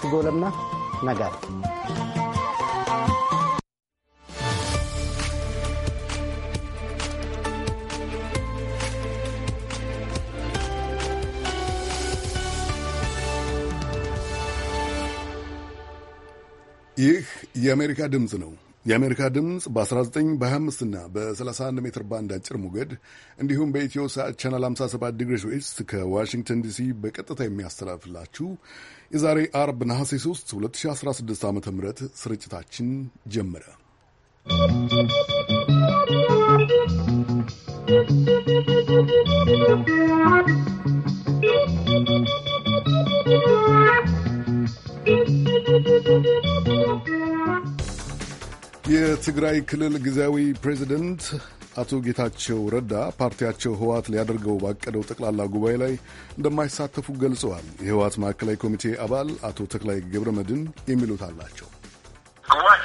ትጎለምና ነጋሪ ይህ የአሜሪካ ድምፅ ነው። የአሜሪካ ድምፅ በ19 በ25 እና በ31 ሜትር ባንድ አጭር ሞገድ እንዲሁም በኢትዮ ሳት ቻናል 57 ዲግሪ ዌስት ከዋሽንግተን ዲሲ በቀጥታ የሚያስተላልፍላችሁ የዛሬ አርብ ነሐሴ 3 2016 ዓ ም ስርጭታችን ጀመረ። ¶¶ የትግራይ ክልል ጊዜያዊ ፕሬዚደንት አቶ ጌታቸው ረዳ ፓርቲያቸው ህወሓት ሊያደርገው ባቀደው ጠቅላላ ጉባኤ ላይ እንደማይሳተፉ ገልጸዋል። የህወሓት ማዕከላዊ ኮሚቴ አባል አቶ ተክላይ ገብረ መድን የሚሉት አላቸው። ጉባኤ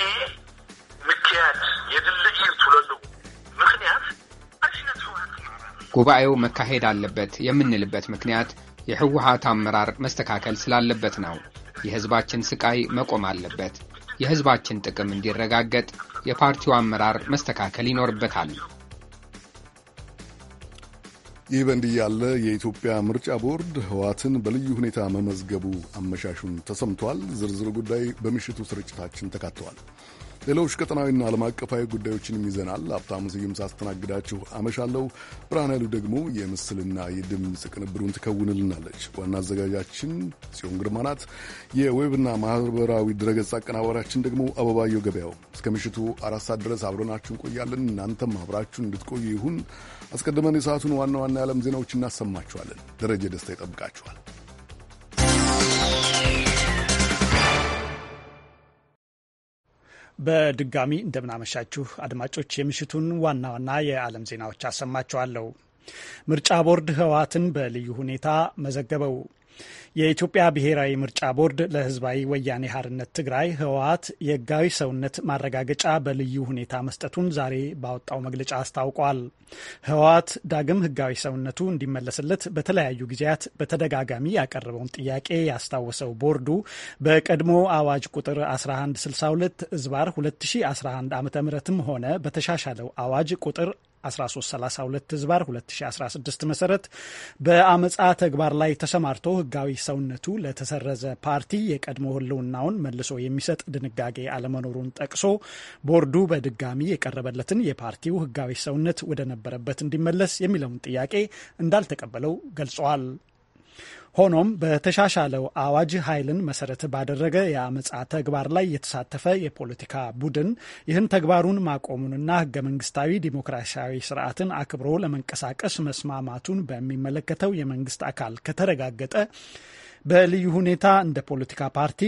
ምክያድ ምክንያት ጉባኤው መካሄድ አለበት የምንልበት ምክንያት የህወሓት አመራር መስተካከል ስላለበት ነው። የህዝባችን ስቃይ መቆም አለበት። የህዝባችን ጥቅም እንዲረጋገጥ የፓርቲው አመራር መስተካከል ይኖርበታል። ይህ በእንዲህ ያለ የኢትዮጵያ ምርጫ ቦርድ ህዋትን በልዩ ሁኔታ መመዝገቡ አመሻሹን ተሰምቷል። ዝርዝር ጉዳይ በምሽቱ ስርጭታችን ተካተዋል። ሌሎች ቀጠናዊና ዓለም አቀፋዊ ጉዳዮችንም ይዘናል። ሀብታሙ ስዩም ሳስተናግዳችሁ አመሻለሁ። ብርሃን ኃይሉ ደግሞ የምስልና የድምፅ ቅንብሩን ትከውንልናለች። ዋና አዘጋጃችን ጽዮን ግርማ ናት። የዌብና ማህበራዊ ድረገጽ አቀናባሪያችን ደግሞ አበባየው ገበያው። እስከ ምሽቱ አራት ሰዓት ድረስ አብረናችሁ እንቆያለን። እናንተም አብራችሁን እንድትቆዩ ይሁን። አስቀድመን የሰዓቱን ዋና ዋና የዓለም ዜናዎች እናሰማችኋለን። ደረጀ ደስታ ይጠብቃችኋል። በድጋሚ እንደምናመሻችሁ አድማጮች፣ የምሽቱን ዋና ዋና የዓለም ዜናዎች አሰማችኋለሁ። ምርጫ ቦርድ ህወሓትን በልዩ ሁኔታ መዘገበው። የኢትዮጵያ ብሔራዊ ምርጫ ቦርድ ለህዝባዊ ወያኔ ሀርነት ትግራይ ህወሓት የህጋዊ ሰውነት ማረጋገጫ በልዩ ሁኔታ መስጠቱን ዛሬ ባወጣው መግለጫ አስታውቋል። ህወሓት ዳግም ህጋዊ ሰውነቱ እንዲመለስለት በተለያዩ ጊዜያት በተደጋጋሚ ያቀረበውን ጥያቄ ያስታወሰው ቦርዱ በቀድሞ አዋጅ ቁጥር 1162 ዝባር 2011 ዓ ምትም ሆነ በተሻሻለው አዋጅ ቁጥር 1332 ዝባር 2016 መሰረት በአመፃ ተግባር ላይ ተሰማርቶ ህጋዊ ሰውነቱ ለተሰረዘ ፓርቲ የቀድሞ ህልውናውን መልሶ የሚሰጥ ድንጋጌ አለመኖሩን ጠቅሶ ቦርዱ በድጋሚ የቀረበለትን የፓርቲው ህጋዊ ሰውነት ወደ ነበረበት እንዲመለስ የሚለውን ጥያቄ እንዳልተቀበለው ገልጸዋል። ሆኖም በተሻሻለው አዋጅ ኃይልን መሰረት ባደረገ የአመፃ ተግባር ላይ የተሳተፈ የፖለቲካ ቡድን ይህን ተግባሩን ማቆሙንና ህገ መንግስታዊ ዲሞክራሲያዊ ስርዓትን አክብሮ ለመንቀሳቀስ መስማማቱን በሚመለከተው የመንግስት አካል ከተረጋገጠ በልዩ ሁኔታ እንደ ፖለቲካ ፓርቲ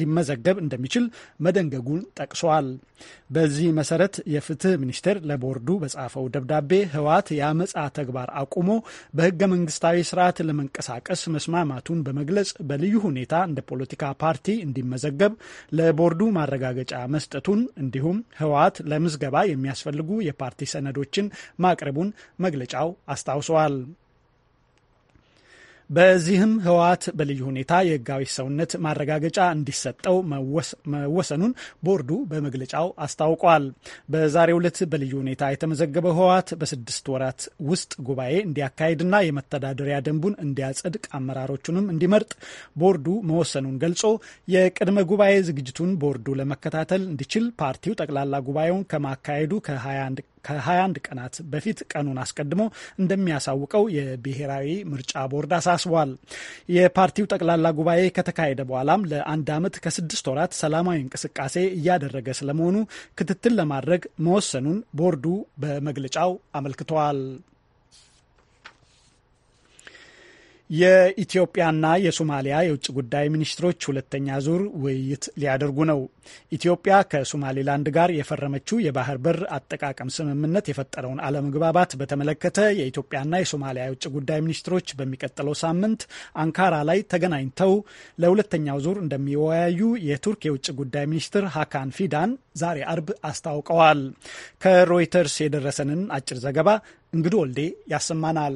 ሊመዘገብ እንደሚችል መደንገጉን ጠቅሷል። በዚህ መሰረት የፍትህ ሚኒስቴር ለቦርዱ በጻፈው ደብዳቤ ህወሓት የአመፃ ተግባር አቁሞ በህገ መንግስታዊ ስርዓት ለመንቀሳቀስ መስማማቱን በመግለጽ በልዩ ሁኔታ እንደ ፖለቲካ ፓርቲ እንዲመዘገብ ለቦርዱ ማረጋገጫ መስጠቱን እንዲሁም ህወሓት ለምዝገባ የሚያስፈልጉ የፓርቲ ሰነዶችን ማቅረቡን መግለጫው አስታውሰዋል። በዚህም ህወሓት በልዩ ሁኔታ የህጋዊ ሰውነት ማረጋገጫ እንዲሰጠው መወሰኑን ቦርዱ በመግለጫው አስታውቋል። በዛሬ ዕለት በልዩ ሁኔታ የተመዘገበው ህወሓት በስድስት ወራት ውስጥ ጉባኤ እንዲያካሄድና የመተዳደሪያ ደንቡን እንዲያጸድቅ አመራሮቹንም እንዲመርጥ ቦርዱ መወሰኑን ገልጾ የቅድመ ጉባኤ ዝግጅቱን ቦርዱ ለመከታተል እንዲችል ፓርቲው ጠቅላላ ጉባኤውን ከማካሄዱ ከ21 ከ21 ቀናት በፊት ቀኑን አስቀድሞ እንደሚያሳውቀው የብሔራዊ ምርጫ ቦርድ አሳስቧል። የፓርቲው ጠቅላላ ጉባኤ ከተካሄደ በኋላም ለአንድ ዓመት ከስድስት ወራት ሰላማዊ እንቅስቃሴ እያደረገ ስለመሆኑ ክትትል ለማድረግ መወሰኑን ቦርዱ በመግለጫው አመልክተዋል። የኢትዮጵያና የሶማሊያ የውጭ ጉዳይ ሚኒስትሮች ሁለተኛ ዙር ውይይት ሊያደርጉ ነው። ኢትዮጵያ ከሶማሌላንድ ጋር የፈረመችው የባህር በር አጠቃቀም ስምምነት የፈጠረውን አለመግባባት በተመለከተ የኢትዮጵያና የሶማሊያ የውጭ ጉዳይ ሚኒስትሮች በሚቀጥለው ሳምንት አንካራ ላይ ተገናኝተው ለሁለተኛው ዙር እንደሚወያዩ የቱርክ የውጭ ጉዳይ ሚኒስትር ሀካን ፊዳን ዛሬ አርብ አስታውቀዋል። ከሮይተርስ የደረሰንን አጭር ዘገባ እንግዱ ወልዴ ያሰማናል።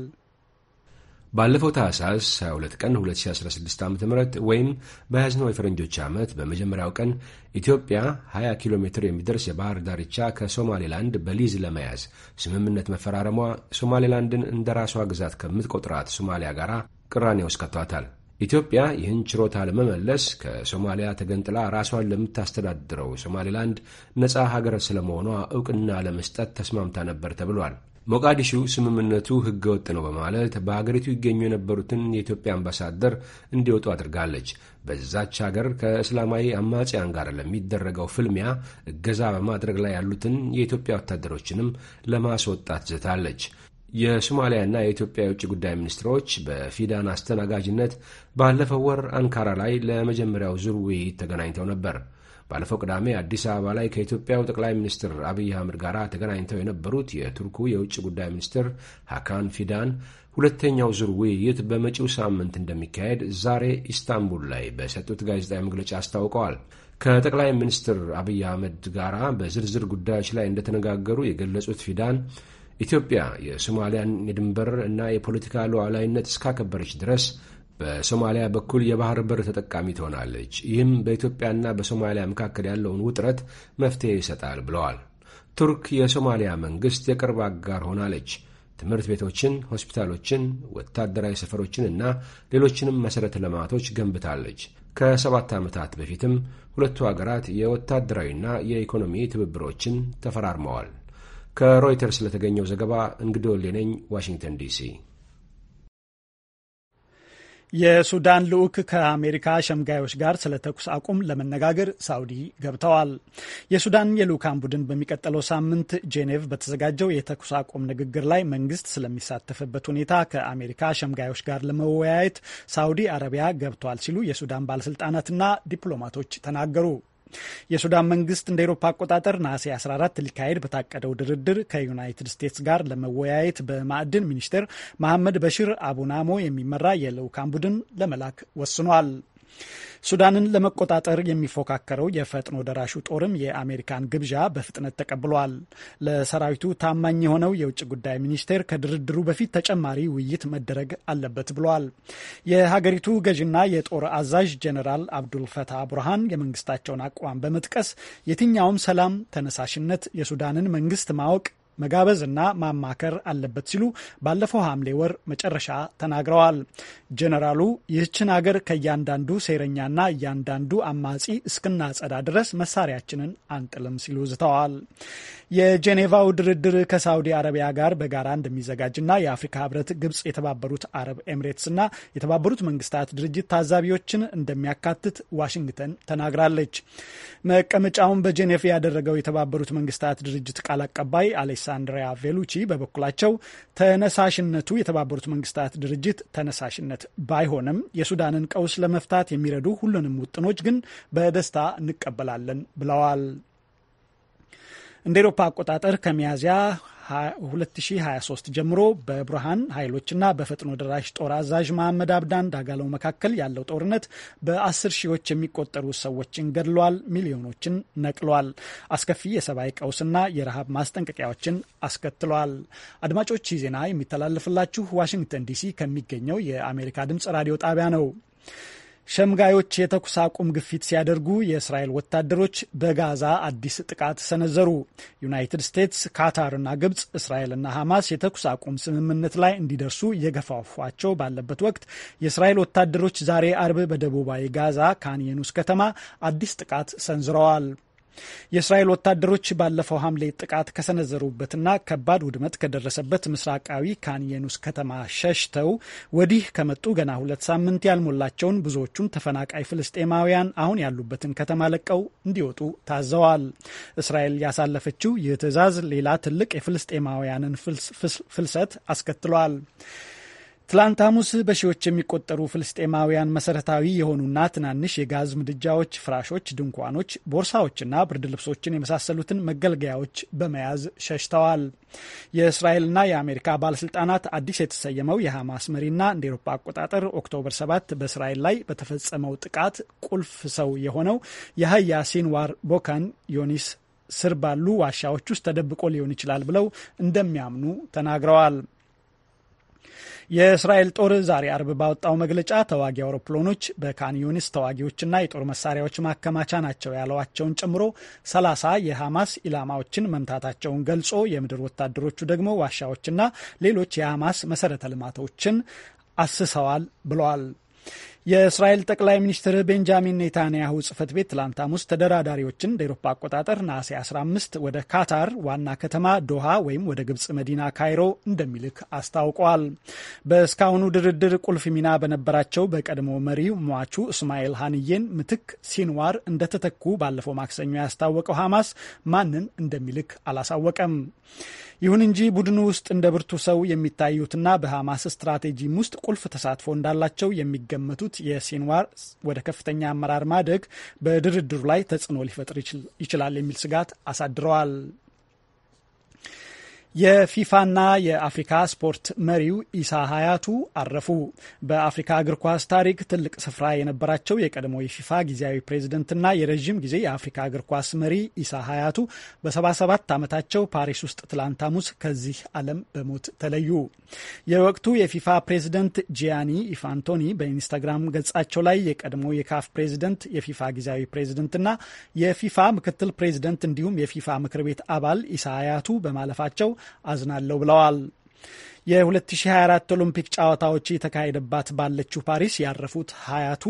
ባለፈው ታህሳስ 22 ቀን 2016 ዓ ም ወይም በያዝነው የፈረንጆች ዓመት በመጀመሪያው ቀን ኢትዮጵያ 20 ኪሎ ሜትር የሚደርስ የባህር ዳርቻ ከሶማሌላንድ በሊዝ ለመያዝ ስምምነት መፈራረሟ ሶማሌላንድን እንደ ራሷ ግዛት ከምትቆጥራት ሶማሊያ ጋር ቅራኔ ውስጥ ከቷታል። ኢትዮጵያ ይህን ችሮታ ለመመለስ ከሶማሊያ ተገንጥላ ራሷን ለምታስተዳድረው ሶማሌላንድ ነፃ ሀገር ስለመሆኗ እውቅና ለመስጠት ተስማምታ ነበር ተብሏል። ሞቃዲሹ ስምምነቱ ህገወጥ ነው በማለት በሀገሪቱ ይገኙ የነበሩትን የኢትዮጵያ አምባሳደር እንዲወጡ አድርጋለች። በዛች ሀገር ከእስላማዊ አማጽያን ጋር ለሚደረገው ፍልሚያ እገዛ በማድረግ ላይ ያሉትን የኢትዮጵያ ወታደሮችንም ለማስወጣት ዝታለች። የሶማሊያና የኢትዮጵያ የውጭ ጉዳይ ሚኒስትሮች በፊዳን አስተናጋጅነት ባለፈው ወር አንካራ ላይ ለመጀመሪያው ዙር ውይይት ተገናኝተው ነበር። ባለፈው ቅዳሜ አዲስ አበባ ላይ ከኢትዮጵያው ጠቅላይ ሚኒስትር አብይ አህመድ ጋር ተገናኝተው የነበሩት የቱርኩ የውጭ ጉዳይ ሚኒስትር ሀካን ፊዳን ሁለተኛው ዙር ውይይት በመጪው ሳምንት እንደሚካሄድ ዛሬ ኢስታንቡል ላይ በሰጡት ጋዜጣዊ መግለጫ አስታውቀዋል። ከጠቅላይ ሚኒስትር አብይ አህመድ ጋር በዝርዝር ጉዳዮች ላይ እንደተነጋገሩ የገለጹት ፊዳን ኢትዮጵያ የሶማሊያን የድንበር እና የፖለቲካ ሉዓላዊነት እስካከበረች ድረስ በሶማሊያ በኩል የባህር በር ተጠቃሚ ትሆናለች። ይህም በኢትዮጵያና በሶማሊያ መካከል ያለውን ውጥረት መፍትሄ ይሰጣል ብለዋል። ቱርክ የሶማሊያ መንግሥት የቅርብ አጋር ሆናለች። ትምህርት ቤቶችን፣ ሆስፒታሎችን፣ ወታደራዊ ሰፈሮችን እና ሌሎችንም መሠረተ ልማቶች ገንብታለች። ከሰባት ዓመታት በፊትም ሁለቱ አገራት የወታደራዊና የኢኮኖሚ ትብብሮችን ተፈራርመዋል። ከሮይተርስ ለተገኘው ዘገባ እንግዶ ሌነኝ ዋሽንግተን ዲሲ የሱዳን ልዑክ ከአሜሪካ ሸምጋዮች ጋር ስለ ተኩስ አቁም ለመነጋገር ሳውዲ ገብተዋል። የሱዳን የልዑካን ቡድን በሚቀጥለው ሳምንት ጄኔቭ በተዘጋጀው የተኩስ አቁም ንግግር ላይ መንግስት ስለሚሳተፍበት ሁኔታ ከአሜሪካ ሸምጋዮች ጋር ለመወያየት ሳውዲ አረቢያ ገብተዋል ሲሉ የሱዳን ባለስልጣናትና ዲፕሎማቶች ተናገሩ። የሱዳን መንግስት እንደ ኤሮፓ አቆጣጠር ነሐሴ 14 ሊካሄድ በታቀደው ድርድር ከዩናይትድ ስቴትስ ጋር ለመወያየት በማዕድን ሚኒስቴር መሐመድ በሽር አቡናሞ የሚመራ የልዑካን ቡድን ለመላክ ወስኗል። ሱዳንን ለመቆጣጠር የሚፎካከረው የፈጥኖ ደራሹ ጦርም የአሜሪካን ግብዣ በፍጥነት ተቀብሏል። ለሰራዊቱ ታማኝ የሆነው የውጭ ጉዳይ ሚኒስቴር ከድርድሩ በፊት ተጨማሪ ውይይት መደረግ አለበት ብሏል። የሀገሪቱ ገዥና የጦር አዛዥ ጀኔራል አብዱልፈታህ ቡርሃን የመንግስታቸውን አቋም በመጥቀስ የትኛውም ሰላም ተነሳሽነት የሱዳንን መንግስት ማወቅ መጋበዝና ማማከር አለበት ሲሉ ባለፈው ሐምሌ ወር መጨረሻ ተናግረዋል። ጀነራሉ ይህችን አገር ከእያንዳንዱ ሴረኛና እያንዳንዱ አማጺ እስክናጸዳ ድረስ መሳሪያችንን አንጥልም ሲሉ ዝተዋል። የጄኔቫው ድርድር ከሳውዲ አረቢያ ጋር በጋራ እንደሚዘጋጅና የአፍሪካ ህብረት፣ ግብጽ፣ የተባበሩት አረብ ኤምሬትስና የተባበሩት መንግስታት ድርጅት ታዛቢዎችን እንደሚያካትት ዋሽንግተን ተናግራለች። መቀመጫውን በጄኔቭ ያደረገው የተባበሩት መንግስታት ድርጅት ቃል አቀባይ አሌ አንድሪያ ቬሉቺ በበኩላቸው ተነሳሽነቱ የተባበሩት መንግስታት ድርጅት ተነሳሽነት ባይሆንም የሱዳንን ቀውስ ለመፍታት የሚረዱ ሁሉንም ውጥኖች ግን በደስታ እንቀበላለን ብለዋል። እንደ ኤሮፓ አቆጣጠር ከሚያዝያ 2023 ጀምሮ በብርሃን ኃይሎችና በፈጥኖ ደራሽ ጦር አዛዥ መሐመድ አብዳን ዳጋለው መካከል ያለው ጦርነት በአስር ሺዎች የሚቆጠሩ ሰዎችን ገድሏል፣ ሚሊዮኖችን ነቅሏል፣ አስከፊ የሰብአዊ ቀውስና የረሃብ ማስጠንቀቂያዎችን አስከትሏል። አድማጮች ይህ ዜና የሚተላለፍላችሁ ዋሽንግተን ዲሲ ከሚገኘው የአሜሪካ ድምጽ ራዲዮ ጣቢያ ነው። ሸምጋዮች የተኩስ አቁም ግፊት ሲያደርጉ የእስራኤል ወታደሮች በጋዛ አዲስ ጥቃት ሰነዘሩ። ዩናይትድ ስቴትስ፣ ካታርና ግብጽ እስራኤልና ሐማስ የተኩስ አቁም ስምምነት ላይ እንዲደርሱ እየገፋፏቸው ባለበት ወቅት የእስራኤል ወታደሮች ዛሬ አርብ በደቡባዊ ጋዛ ካንየኑስ ከተማ አዲስ ጥቃት ሰንዝረዋል። የእስራኤል ወታደሮች ባለፈው ሐምሌ ጥቃት ከሰነዘሩበትና ከባድ ውድመት ከደረሰበት ምስራቃዊ ካንየኑስ ከተማ ሸሽተው ወዲህ ከመጡ ገና ሁለት ሳምንት ያልሞላቸውን ብዙዎቹም ተፈናቃይ ፍልስጤማውያን አሁን ያሉበትን ከተማ ለቀው እንዲወጡ ታዘዋል። እስራኤል ያሳለፈችው ይህ ትዕዛዝ ሌላ ትልቅ የፍልስጤማውያንን ፍልሰት አስከትሏል። ትላንት ሐሙስ በሺዎች የሚቆጠሩ ፍልስጤማውያን መሠረታዊ የሆኑና ትናንሽ የጋዝ ምድጃዎች፣ ፍራሾች፣ ድንኳኖች፣ ቦርሳዎችና ብርድ ልብሶችን የመሳሰሉትን መገልገያዎች በመያዝ ሸሽተዋል። የእስራኤልና የአሜሪካ ባለስልጣናት አዲስ የተሰየመው የሐማስ መሪና እንደ ኤሮፓ አቆጣጠር ኦክቶበር 7 በእስራኤል ላይ በተፈጸመው ጥቃት ቁልፍ ሰው የሆነው የሀያ ሲንዋር ቦካን ዮኒስ ስር ባሉ ዋሻዎች ውስጥ ተደብቆ ሊሆን ይችላል ብለው እንደሚያምኑ ተናግረዋል። የእስራኤል ጦር ዛሬ አርብ ባወጣው መግለጫ ተዋጊ አውሮፕላኖች በካን ዩኒስ ተዋጊዎችና የጦር መሳሪያዎች ማከማቻ ናቸው ያለዋቸውን ጨምሮ ሰላሳ የሐማስ ኢላማዎችን መምታታቸውን ገልጾ የምድር ወታደሮቹ ደግሞ ዋሻዎችና ሌሎች የሐማስ መሰረተ ልማቶችን አስሰዋል ብለዋል። የእስራኤል ጠቅላይ ሚኒስትር ቤንጃሚን ኔታንያሁ ጽህፈት ቤት ትላንት ሐሙስ ተደራዳሪዎችን እንደ ኤሮፓ አቆጣጠር ነሐሴ 15 ወደ ካታር ዋና ከተማ ዶሃ ወይም ወደ ግብፅ መዲና ካይሮ እንደሚልክ አስታውቋል። በእስካሁኑ ድርድር ቁልፍ ሚና በነበራቸው በቀድሞ መሪ ሟቹ እስማኤል ሀንዬን ምትክ ሲንዋር እንደተተኩ ባለፈው ማክሰኞ ያስታወቀው ሐማስ ማንን እንደሚልክ አላሳወቀም። ይሁን እንጂ ቡድኑ ውስጥ እንደ ብርቱ ሰው የሚታዩትና በሐማስ ስትራቴጂም ውስጥ ቁልፍ ተሳትፎ እንዳላቸው የሚገመቱት የሚሉት የሲንዋር ወደ ከፍተኛ አመራር ማደግ በድርድሩ ላይ ተጽዕኖ ሊፈጥር ይችላል የሚል ስጋት አሳድረዋል። የፊፋና የአፍሪካ ስፖርት መሪው ኢሳ ሀያቱ አረፉ። በአፍሪካ እግር ኳስ ታሪክ ትልቅ ስፍራ የነበራቸው የቀድሞ የፊፋ ጊዜያዊ ፕሬዝደንትና የረዥም ጊዜ የአፍሪካ እግር ኳስ መሪ ኢሳ ሀያቱ በ77 ዓመታቸው ፓሪስ ውስጥ ትላንት ሐሙስ ከዚህ ዓለም በሞት ተለዩ። የወቅቱ የፊፋ ፕሬዝደንት ጂያኒ ኢፋንቶኒ በኢንስታግራም ገጻቸው ላይ የቀድሞ የካፍ ፕሬዝደንት፣ የፊፋ ጊዜያዊ ፕሬዝደንትና የፊፋ ምክትል ፕሬዝደንት እንዲሁም የፊፋ ምክር ቤት አባል ኢሳ ሀያቱ በማለፋቸው አዝናለሁ ብለዋል። የ2024 ኦሎምፒክ ጨዋታዎች የተካሄደባት ባለችው ፓሪስ ያረፉት ሀያቱ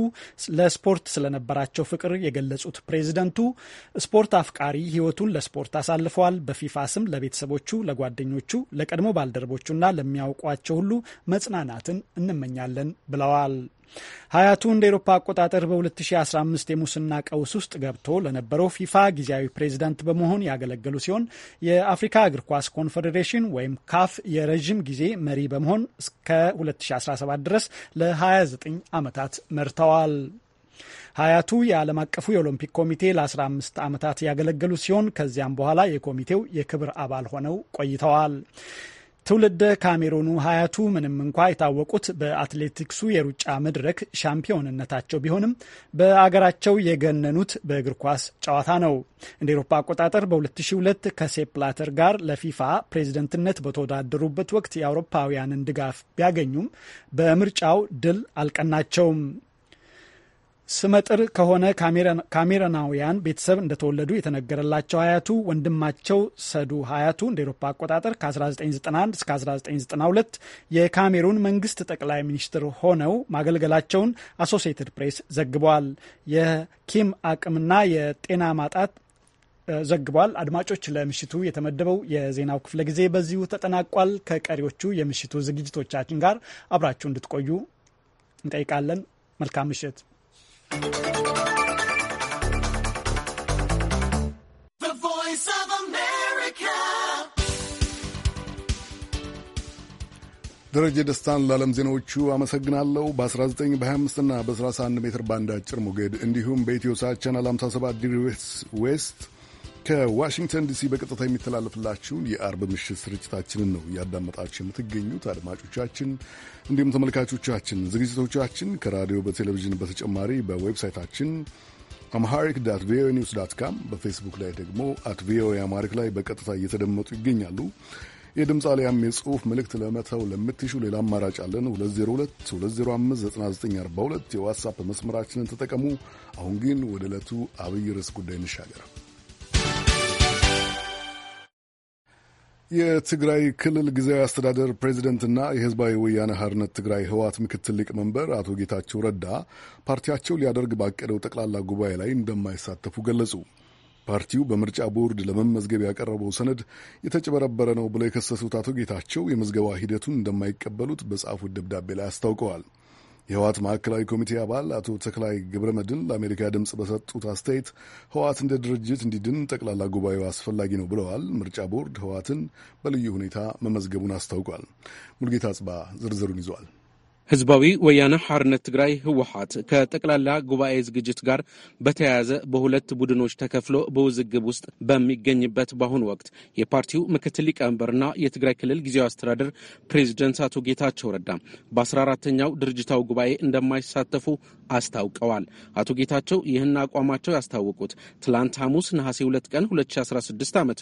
ለስፖርት ስለነበራቸው ፍቅር የገለጹት ፕሬዚደንቱ ስፖርት አፍቃሪ ሕይወቱን ለስፖርት አሳልፈዋል። በፊፋ ስም ለቤተሰቦቹ፣ ለጓደኞቹ፣ ለቀድሞ ባልደረቦቹና ለሚያውቋቸው ሁሉ መጽናናትን እንመኛለን ብለዋል። ሀያቱ እንደ ኤሮፓ አቆጣጠር በ2015 የሙስና ቀውስ ውስጥ ገብቶ ለነበረው ፊፋ ጊዜያዊ ፕሬዚዳንት በመሆን ያገለገሉ ሲሆን የአፍሪካ እግር ኳስ ኮንፌዴሬሽን ወይም ካፍ የረዥም ጊዜ መሪ በመሆን እስከ 2017 ድረስ ለ29 ዓመታት መርተዋል። ሀያቱ የዓለም አቀፉ የኦሎምፒክ ኮሚቴ ለ15 ዓመታት ያገለገሉ ሲሆን ከዚያም በኋላ የኮሚቴው የክብር አባል ሆነው ቆይተዋል። ትውልደ ካሜሮኑ ሀያቱ ምንም እንኳ የታወቁት በአትሌቲክሱ የሩጫ መድረክ ሻምፒዮንነታቸው ቢሆንም በአገራቸው የገነኑት በእግር ኳስ ጨዋታ ነው። እንደ ኤሮፓ አቆጣጠር በ2002 ከሴፕላተር ጋር ለፊፋ ፕሬዝደንትነት በተወዳደሩበት ወቅት የአውሮፓውያንን ድጋፍ ቢያገኙም በምርጫው ድል አልቀናቸውም። ስመጥር ከሆነ ካሜረናውያን ቤተሰብ እንደተወለዱ የተነገረላቸው ሀያቱ ወንድማቸው ሰዱ ሀያቱ እንደ ኤሮፓ አቆጣጠር ከ1991 እስከ 1992 የካሜሩን መንግስት ጠቅላይ ሚኒስትር ሆነው ማገልገላቸውን አሶሲየትድ ፕሬስ ዘግቧል። የኪም አቅምና የጤና ማጣት ዘግቧል። አድማጮች፣ ለምሽቱ የተመደበው የዜናው ክፍለ ጊዜ በዚሁ ተጠናቋል። ከቀሪዎቹ የምሽቱ ዝግጅቶቻችን ጋር አብራችሁ እንድትቆዩ እንጠይቃለን። መልካም ምሽት። ደረጀ ደስታን ለዓለም ዜናዎቹ አመሰግናለሁ። በ19 በ25 እና በ31 ሜትር ባንድ አጭር ሞገድ እንዲሁም በኢትዮ ሳት ቻናል 57 ዲግሪ ዌስት ከዋሽንግተን ዲሲ በቀጥታ የሚተላለፍላችሁን የአርብ ምሽት ስርጭታችንን ነው እያዳመጣችሁ የምትገኙት አድማጮቻችን፣ እንዲሁም ተመልካቾቻችን። ዝግጅቶቻችን ከራዲዮ በቴሌቪዥን በተጨማሪ በዌብሳይታችን አምሃሪክ ዳት ቪኦኤ ኒውስ ዳት ካም፣ በፌስቡክ ላይ ደግሞ አት ቪኦኤ አማሪክ ላይ በቀጥታ እየተደመጡ ይገኛሉ። የድምፅ አሊያም የጽሑፍ መልእክት ለመተው ለምትሹ ሌላ አማራጭ አለን። 2022059942 የዋትሳፕ መስመራችንን ተጠቀሙ። አሁን ግን ወደ ዕለቱ አብይ ርዕስ ጉዳይ እንሻገራል። የትግራይ ክልል ጊዜያዊ አስተዳደር ፕሬዚደንትና የህዝባዊ ወያነ ሀርነት ትግራይ ህወሓት ምክትል ሊቀመንበር አቶ ጌታቸው ረዳ ፓርቲያቸው ሊያደርግ ባቀደው ጠቅላላ ጉባኤ ላይ እንደማይሳተፉ ገለጹ። ፓርቲው በምርጫ ቦርድ ለመመዝገብ ያቀረበው ሰነድ የተጭበረበረ ነው ብለው የከሰሱት አቶ ጌታቸው የምዝገባ ሂደቱን እንደማይቀበሉት በጻፉት ደብዳቤ ላይ አስታውቀዋል። የህዋት ማዕከላዊ ኮሚቴ አባል አቶ ተክላይ ገብረመድን ለአሜሪካ ድምፅ በሰጡት አስተያየት ህዋት እንደ ድርጅት እንዲድን ጠቅላላ ጉባኤው አስፈላጊ ነው ብለዋል። ምርጫ ቦርድ ህዋትን በልዩ ሁኔታ መመዝገቡን አስታውቋል። ሙልጌታ ጽባ ዝርዝሩን ይዟል። ህዝባዊ ወያነ ሐርነት ትግራይ ህወሓት ከጠቅላላ ጉባኤ ዝግጅት ጋር በተያያዘ በሁለት ቡድኖች ተከፍሎ በውዝግብ ውስጥ በሚገኝበት በአሁኑ ወቅት የፓርቲው ምክትል ሊቀመንበርና የትግራይ ክልል ጊዜያዊ አስተዳደር ፕሬዚደንት አቶ ጌታቸው ረዳ በ14ተኛው ድርጅታዊ ጉባኤ እንደማይሳተፉ አስታውቀዋል። አቶ ጌታቸው ይህን አቋማቸው ያስታወቁት ትላንት ሐሙስ ነሐሴ 2 ቀን 2016 ዓ ም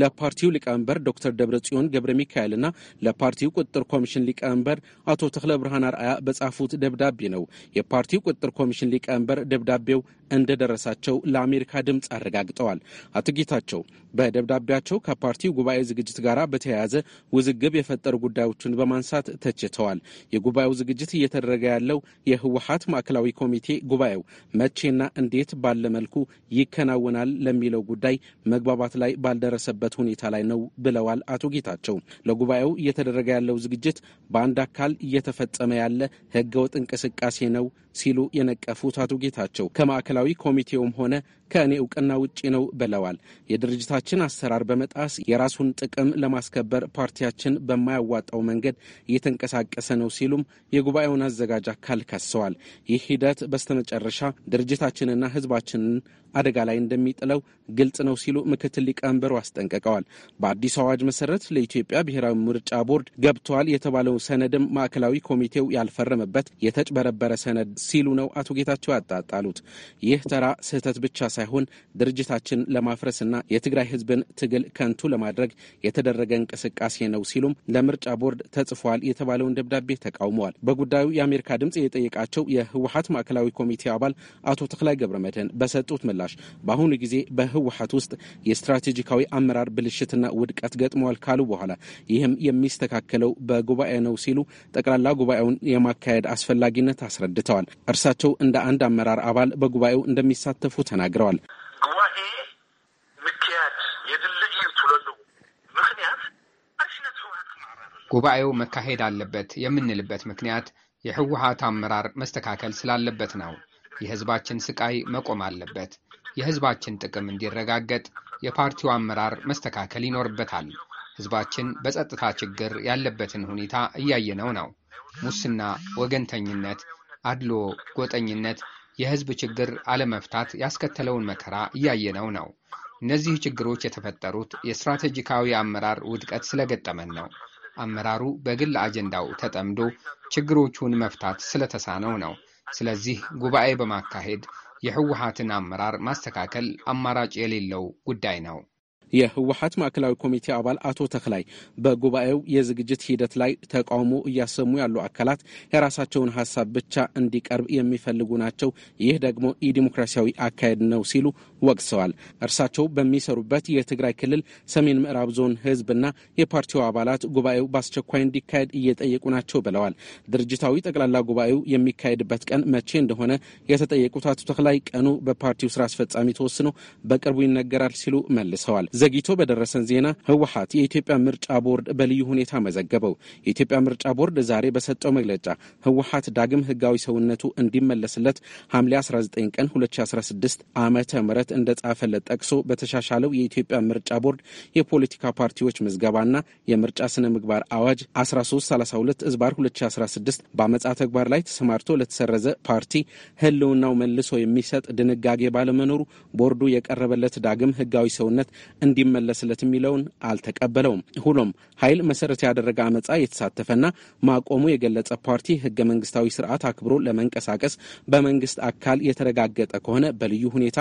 ለፓርቲው ሊቀመንበር ዶክተር ደብረ ጽዮን ገብረ ሚካኤልና ለፓርቲው ቁጥጥር ኮሚሽን ሊቀመንበር አቶ ተክለ ብርሃን አርአያ በጻፉት ደብዳቤ ነው። የፓርቲው ቁጥጥር ኮሚሽን ሊቀመንበር ደብዳቤው እንደደረሳቸው ለአሜሪካ ድምፅ አረጋግጠዋል። አቶ ጌታቸው በደብዳቤያቸው ከፓርቲው ጉባኤ ዝግጅት ጋር በተያያዘ ውዝግብ የፈጠሩ ጉዳዮችን በማንሳት ተችተዋል። የጉባኤው ዝግጅት እየተደረገ ያለው የህወሀት ማዕከላዊ ኮሚቴ ጉባኤው መቼና እንዴት ባለ መልኩ ይከናወናል ለሚለው ጉዳይ መግባባት ላይ ባልደረሰበት ሁኔታ ላይ ነው ብለዋል አቶ ጌታቸው። ለጉባኤው እየተደረገ ያለው ዝግጅት በአንድ አካል እየተፈጸመ ያለ ህገወጥ እንቅስቃሴ ነው ሲሉ የነቀፉት አቶ ጌታቸው ከማዕከላዊ ኮሚቴውም ሆነ ከእኔ እውቅና ውጪ ነው ብለዋል። የድርጅታ የፓርቲያችን አሰራር በመጣስ የራሱን ጥቅም ለማስከበር ፓርቲያችን በማያዋጣው መንገድ እየተንቀሳቀሰ ነው ሲሉም የጉባኤውን አዘጋጅ አካል ከሰዋል። ይህ ሂደት በስተመጨረሻ ድርጅታችንና ህዝባችንን አደጋ ላይ እንደሚጥለው ግልጽ ነው ሲሉ ምክትል ሊቀመንበሩ አስጠንቀቀዋል። በአዲስ አዋጅ መሰረት ለኢትዮጵያ ብሔራዊ ምርጫ ቦርድ ገብተዋል የተባለው ሰነድም ማዕከላዊ ኮሚቴው ያልፈረመበት የተጭበረበረ ሰነድ ሲሉ ነው አቶ ጌታቸው ያጣጣሉት። ይህ ተራ ስህተት ብቻ ሳይሆን ድርጅታችን ለማፍረስና የትግራይ ህዝብን ትግል ከንቱ ለማድረግ የተደረገ እንቅስቃሴ ነው ሲሉም ለምርጫ ቦርድ ተጽፏል የተባለውን ደብዳቤ ተቃውመዋል። በጉዳዩ የአሜሪካ ድምፅ የጠየቃቸው የህወሀት ማዕከላዊ ኮሚቴ አባል አቶ ተክላይ ገብረ መድህን በሰጡት ምላሽ ምላሽ በአሁኑ ጊዜ በህወሀት ውስጥ የስትራቴጂካዊ አመራር ብልሽትና ውድቀት ገጥመዋል ካሉ በኋላ ይህም የሚስተካከለው በጉባኤ ነው ሲሉ ጠቅላላ ጉባኤውን የማካሄድ አስፈላጊነት አስረድተዋል። እርሳቸው እንደ አንድ አመራር አባል በጉባኤው እንደሚሳተፉ ተናግረዋል። ጉባኤው መካሄድ አለበት የምንልበት ምክንያት የህወሀት አመራር መስተካከል ስላለበት ነው። የህዝባችን ስቃይ መቆም አለበት። የህዝባችን ጥቅም እንዲረጋገጥ የፓርቲው አመራር መስተካከል ይኖርበታል። ህዝባችን በጸጥታ ችግር ያለበትን ሁኔታ እያየነው ነው። ሙስና፣ ወገንተኝነት፣ አድሎ፣ ጎጠኝነት የህዝብ ችግር አለመፍታት ያስከተለውን መከራ እያየነው ነው። እነዚህ ችግሮች የተፈጠሩት የስትራቴጂካዊ አመራር ውድቀት ስለገጠመን ነው። አመራሩ በግል አጀንዳው ተጠምዶ ችግሮቹን መፍታት ስለተሳነው ነው። ስለዚህ ጉባኤ በማካሄድ የህወሓትን አመራር ማስተካከል አማራጭ የሌለው ጉዳይ ነው። የህወሓት ማዕከላዊ ኮሚቴ አባል አቶ ተክላይ በጉባኤው የዝግጅት ሂደት ላይ ተቃውሞ እያሰሙ ያሉ አካላት የራሳቸውን ሀሳብ ብቻ እንዲቀርብ የሚፈልጉ ናቸው፣ ይህ ደግሞ ኢዲሞክራሲያዊ አካሄድ ነው ሲሉ ወቅሰዋል። እርሳቸው በሚሰሩበት የትግራይ ክልል ሰሜን ምዕራብ ዞን ህዝብና የፓርቲው አባላት ጉባኤው በአስቸኳይ እንዲካሄድ እየጠየቁ ናቸው ብለዋል። ድርጅታዊ ጠቅላላ ጉባኤው የሚካሄድበት ቀን መቼ እንደሆነ የተጠየቁት አቶ ተክላይ ቀኑ በፓርቲው ስራ አስፈጻሚ ተወስኖ በቅርቡ ይነገራል ሲሉ መልሰዋል። ዘግይቶ በደረሰን ዜና ህወሀት የኢትዮጵያ ምርጫ ቦርድ በልዩ ሁኔታ መዘገበው። የኢትዮጵያ ምርጫ ቦርድ ዛሬ በሰጠው መግለጫ ህወሀት ዳግም ህጋዊ ሰውነቱ እንዲመለስለት ሐምሌ 19 ቀን 2016 ዓመተ ምህረት ዕለት እንደጻፈለት ጠቅሶ በተሻሻለው የኢትዮጵያ ምርጫ ቦርድ የፖለቲካ ፓርቲዎች ምዝገባና የምርጫ ስነ ምግባር አዋጅ 1332 ዝባር 2016 በአመፃ ተግባር ላይ ተሰማርቶ ለተሰረዘ ፓርቲ ህልውናው መልሶ የሚሰጥ ድንጋጌ ባለመኖሩ ቦርዱ የቀረበለት ዳግም ህጋዊ ሰውነት እንዲመለስለት የሚለውን አልተቀበለውም። ሁሎም ኃይል መሰረት ያደረገ አመፃ የተሳተፈና ማቆሙ የገለጸ ፓርቲ ህገ መንግስታዊ ስርዓት አክብሮ ለመንቀሳቀስ በመንግስት አካል የተረጋገጠ ከሆነ በልዩ ሁኔታ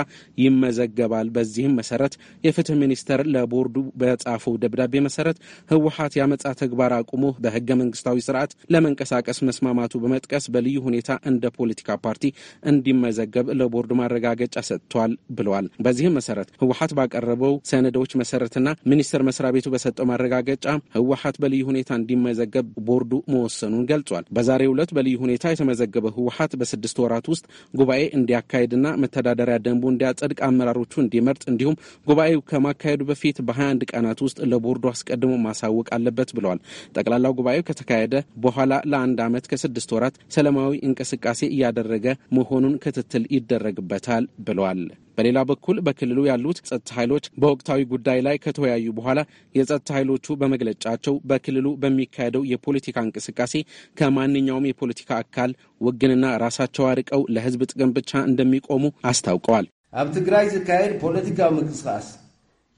ይመ ይመዘገባል። በዚህም መሰረት የፍትህ ሚኒስቴር ለቦርዱ በጻፈው ደብዳቤ መሰረት ህወሀት ያመጻ ተግባር አቁሞ በህገ መንግስታዊ ስርዓት ለመንቀሳቀስ መስማማቱ በመጥቀስ በልዩ ሁኔታ እንደ ፖለቲካ ፓርቲ እንዲመዘገብ ለቦርዱ ማረጋገጫ ሰጥቷል ብለዋል። በዚህም መሰረት ህወሀት ባቀረበው ሰነዶች መሰረትና ሚኒስቴር መስሪያ ቤቱ በሰጠው ማረጋገጫ ህወሀት በልዩ ሁኔታ እንዲመዘገብ ቦርዱ መወሰኑን ገልጿል። በዛሬው ዕለት በልዩ ሁኔታ የተመዘገበ ህወሀት በስድስት ወራት ውስጥ ጉባኤ እንዲያካሄድና መተዳደሪያ ደንቡ እንዲያጸድቅ አመራሮቹ እንዲመርጥ እንዲሁም ጉባኤው ከማካሄዱ በፊት በ21 ቀናት ውስጥ ለቦርዱ አስቀድሞ ማሳወቅ አለበት ብለዋል። ጠቅላላው ጉባኤው ከተካሄደ በኋላ ለአንድ ዓመት ከስድስት ወራት ሰላማዊ እንቅስቃሴ እያደረገ መሆኑን ክትትል ይደረግበታል ብለዋል። በሌላ በኩል በክልሉ ያሉት ጸጥታ ኃይሎች በወቅታዊ ጉዳይ ላይ ከተወያዩ በኋላ የጸጥታ ኃይሎቹ በመግለጫቸው በክልሉ በሚካሄደው የፖለቲካ እንቅስቃሴ ከማንኛውም የፖለቲካ አካል ውግንና ራሳቸው አርቀው ለሕዝብ ጥቅም ብቻ እንደሚቆሙ አስታውቀዋል። ኣብ ትግራይ ዝካየድ ፖለቲካዊ ምንቅስቃስ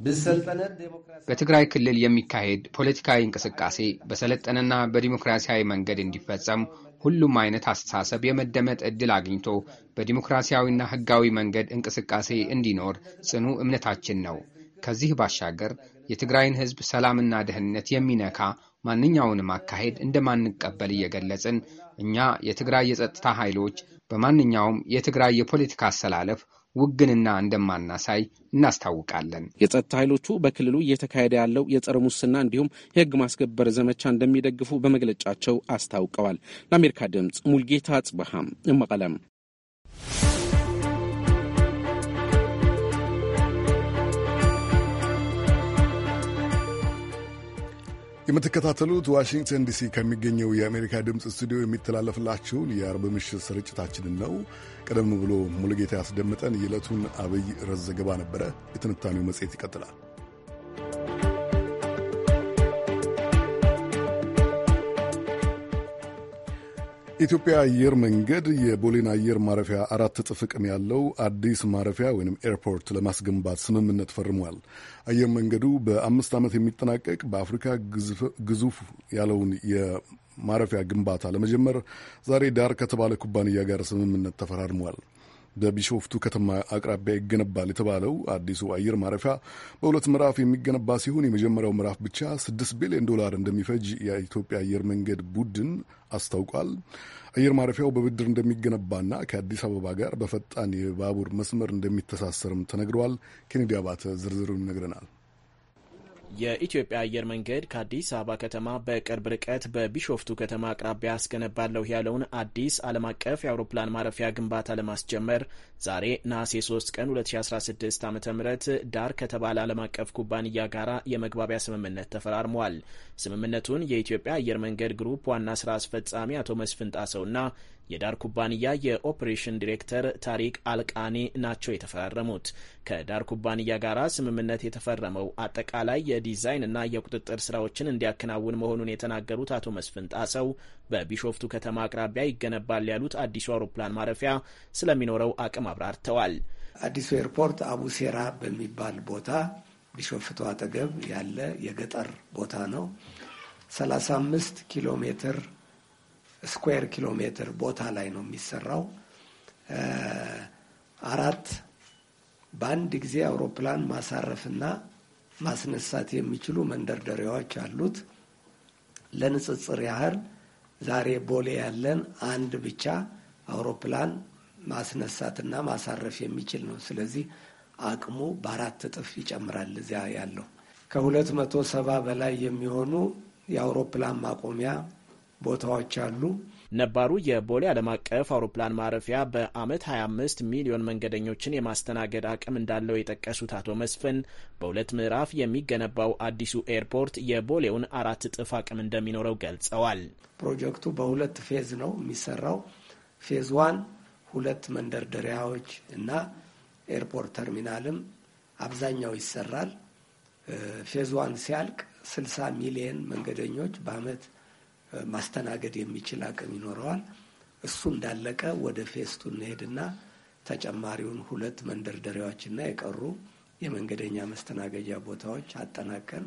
ብዝሰልጠነት ዴሞክራሲ በትግራይ ክልል የሚካሄድ ፖለቲካዊ እንቅስቃሴ በሰለጠነና በዲሞክራሲያዊ መንገድ እንዲፈጸም ሁሉም አይነት አስተሳሰብ የመደመጥ ዕድል አግኝቶ በዲሞክራሲያዊና ህጋዊ መንገድ እንቅስቃሴ እንዲኖር ጽኑ እምነታችን ነው። ከዚህ ባሻገር የትግራይን ህዝብ ሰላምና ደህንነት የሚነካ ማንኛውንም አካሄድ እንደማንቀበል እየገለጽን እኛ የትግራይ የጸጥታ ኃይሎች በማንኛውም የትግራይ የፖለቲካ አሰላለፍ ውግንና እንደማናሳይ እናስታውቃለን። የጸጥታ ኃይሎቹ በክልሉ እየተካሄደ ያለው የጸረ ሙስና እንዲሁም የህግ ማስከበር ዘመቻ እንደሚደግፉ በመግለጫቸው አስታውቀዋል። ለአሜሪካ ድምፅ ሙልጌታ አጽበሃም መቀለም የምትከታተሉት ዋሽንግተን ዲሲ ከሚገኘው የአሜሪካ ድምፅ ስቱዲዮ የሚተላለፍላችሁን የአርብ ምሽት ስርጭታችንን ነው። ቀደም ብሎ ሙሉጌታ ያስደምጠን የዕለቱን አብይ ርዕስ ዘገባ ነበረ። የትንታኔው መጽሔት ይቀጥላል። ኢትዮጵያ አየር መንገድ የቦሌን አየር ማረፊያ አራት እጥፍ ጥቅም ያለው አዲስ ማረፊያ ወይም ኤርፖርት ለማስገንባት ስምምነት ፈርሟል። አየር መንገዱ በአምስት ዓመት የሚጠናቀቅ በአፍሪካ ግዙፍ ያለውን የማረፊያ ግንባታ ለመጀመር ዛሬ ዳር ከተባለ ኩባንያ ጋር ስምምነት ተፈራርሟል። በቢሾፍቱ ከተማ አቅራቢያ ይገነባል የተባለው አዲሱ አየር ማረፊያ በሁለት ምዕራፍ የሚገነባ ሲሆን የመጀመሪያው ምዕራፍ ብቻ 6 ቢሊዮን ዶላር እንደሚፈጅ የኢትዮጵያ አየር መንገድ ቡድን አስታውቋል። አየር ማረፊያው በብድር እንደሚገነባና ከአዲስ አበባ ጋር በፈጣን የባቡር መስመር እንደሚተሳሰርም ተነግረዋል። ኬኔዲ አባተ ዝርዝሩን ይነግረናል። የኢትዮጵያ አየር መንገድ ከአዲስ አበባ ከተማ በቅርብ ርቀት በቢሾፍቱ ከተማ አቅራቢያ አስገነባለሁ ያለውን አዲስ ዓለም አቀፍ የአውሮፕላን ማረፊያ ግንባታ ለማስጀመር ዛሬ ነሐሴ 3 ቀን 2016 ዓ ም ዳር ከተባለ ዓለም አቀፍ ኩባንያ ጋር የመግባቢያ ስምምነት ተፈራርሟል። ስምምነቱን የኢትዮጵያ አየር መንገድ ግሩፕ ዋና ስራ አስፈጻሚ አቶ መስፍን ጣሰውና የዳር ኩባንያ የኦፕሬሽን ዲሬክተር ታሪክ አልቃኔ ናቸው የተፈራረሙት። ከዳር ኩባንያ ጋር ስምምነት የተፈረመው አጠቃላይ የዲዛይን እና የቁጥጥር ስራዎችን እንዲያከናውን መሆኑን የተናገሩት አቶ መስፍን ጣሰው በቢሾፍቱ ከተማ አቅራቢያ ይገነባል ያሉት አዲሱ አውሮፕላን ማረፊያ ስለሚኖረው አቅም አብራርተዋል። አዲሱ ኤርፖርት አቡሴራ በሚባል ቦታ ቢሾፍቱ አጠገብ ያለ የገጠር ቦታ ነው። 35 ኪሎ ሜትር ስኩዌር ኪሎ ሜትር ቦታ ላይ ነው የሚሰራው። አራት በአንድ ጊዜ አውሮፕላን ማሳረፍና ማስነሳት የሚችሉ መንደርደሪያዎች አሉት። ለንጽጽር ያህል ዛሬ ቦሌ ያለን አንድ ብቻ አውሮፕላን ማስነሳትና ማሳረፍ የሚችል ነው። ስለዚህ አቅሙ በአራት እጥፍ ይጨምራል። እዚያ ያለው ከሁለት መቶ ሰባ በላይ የሚሆኑ የአውሮፕላን ማቆሚያ ቦታዎች አሉ። ነባሩ የቦሌ ዓለም አቀፍ አውሮፕላን ማረፊያ በዓመት 25 ሚሊዮን መንገደኞችን የማስተናገድ አቅም እንዳለው የጠቀሱት አቶ መስፍን በሁለት ምዕራፍ የሚገነባው አዲሱ ኤርፖርት የቦሌውን አራት እጥፍ አቅም እንደሚኖረው ገልጸዋል። ፕሮጀክቱ በሁለት ፌዝ ነው የሚሰራው። ፌዝ ዋን ሁለት መንደርደሪያዎች እና ኤርፖርት ተርሚናልም አብዛኛው ይሰራል። ፌዝ ዋን ሲያልቅ 60 ሚሊየን መንገደኞች በዓመት ማስተናገድ የሚችል አቅም ይኖረዋል። እሱ እንዳለቀ ወደ ፌስቱ እንሄድና ተጨማሪውን ሁለት መንደርደሪያዎችና የቀሩ የመንገደኛ መስተናገጃ ቦታዎች አጠናቀን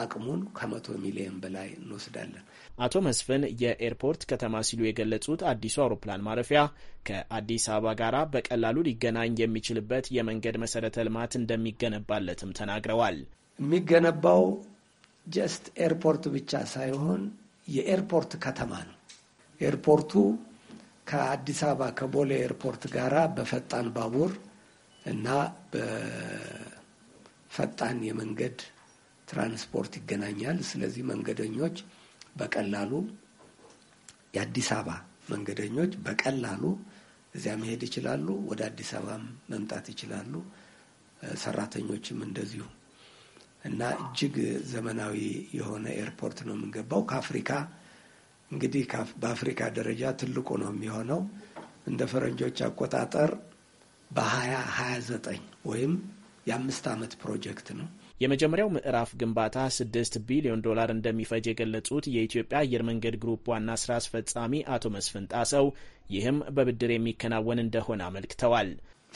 አቅሙን ከመቶ ሚሊዮን በላይ እንወስዳለን። አቶ መስፍን የኤርፖርት ከተማ ሲሉ የገለጹት አዲሱ አውሮፕላን ማረፊያ ከአዲስ አበባ ጋር በቀላሉ ሊገናኝ የሚችልበት የመንገድ መሰረተ ልማት እንደሚገነባለትም ተናግረዋል። የሚገነባው ጀስት ኤርፖርት ብቻ ሳይሆን የኤርፖርት ከተማ ነው። ኤርፖርቱ ከአዲስ አበባ ከቦሌ ኤርፖርት ጋር በፈጣን ባቡር እና በፈጣን የመንገድ ትራንስፖርት ይገናኛል። ስለዚህ መንገደኞች በቀላሉ የአዲስ አበባ መንገደኞች በቀላሉ እዚያ መሄድ ይችላሉ። ወደ አዲስ አበባም መምጣት ይችላሉ። ሰራተኞችም እንደዚሁ እና እጅግ ዘመናዊ የሆነ ኤርፖርት ነው የምንገባው። ከአፍሪካ እንግዲህ በአፍሪካ ደረጃ ትልቁ ነው የሚሆነው እንደ ፈረንጆች አቆጣጠር በሀያ ሀያ ዘጠኝ ወይም የአምስት ዓመት ፕሮጀክት ነው። የመጀመሪያው ምዕራፍ ግንባታ ስድስት ቢሊዮን ዶላር እንደሚፈጅ የገለጹት የኢትዮጵያ አየር መንገድ ግሩፕ ዋና ስራ አስፈጻሚ አቶ መስፍን ጣሰው ይህም በብድር የሚከናወን እንደሆነ አመልክተዋል።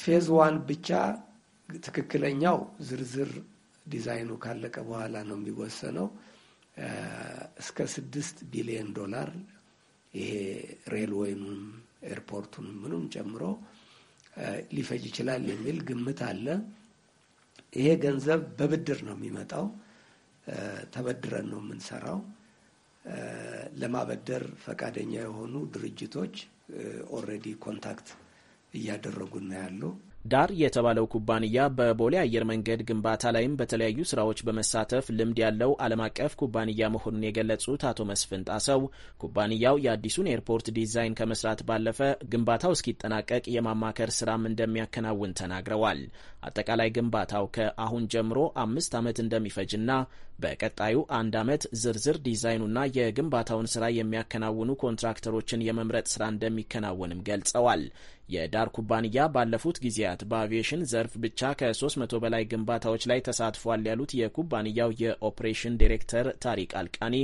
ፌዝ ዋን ብቻ ትክክለኛው ዝርዝር ዲዛይኑ ካለቀ በኋላ ነው የሚወሰነው። እስከ ስድስት ቢሊዮን ዶላር ይሄ ሬልወይኑም ኤርፖርቱን ምኑም ጨምሮ ሊፈጅ ይችላል የሚል ግምት አለ። ይሄ ገንዘብ በብድር ነው የሚመጣው። ተበድረን ነው የምንሰራው። ለማበደር ፈቃደኛ የሆኑ ድርጅቶች ኦልሬዲ ኮንታክት እያደረጉ ነው ያሉ ዳር የተባለው ኩባንያ በቦሌ አየር መንገድ ግንባታ ላይም በተለያዩ ስራዎች በመሳተፍ ልምድ ያለው ዓለም አቀፍ ኩባንያ መሆኑን የገለጹት አቶ መስፍን ጣሰው ኩባንያው የአዲሱን ኤርፖርት ዲዛይን ከመስራት ባለፈ ግንባታው እስኪጠናቀቅ የማማከር ስራም እንደሚያከናውን ተናግረዋል። አጠቃላይ ግንባታው ከአሁን ጀምሮ አምስት ዓመት እንደሚፈጅና በቀጣዩ አንድ ዓመት ዝርዝር ዲዛይኑና የግንባታውን ስራ የሚያከናውኑ ኮንትራክተሮችን የመምረጥ ስራ እንደሚከናወንም ገልጸዋል። የዳር ኩባንያ ባለፉት ጊዜያት በአቪዬሽን ዘርፍ ብቻ ከ300 በላይ ግንባታዎች ላይ ተሳትፏል ያሉት የኩባንያው የኦፕሬሽን ዲሬክተር ታሪክ አልቃኒ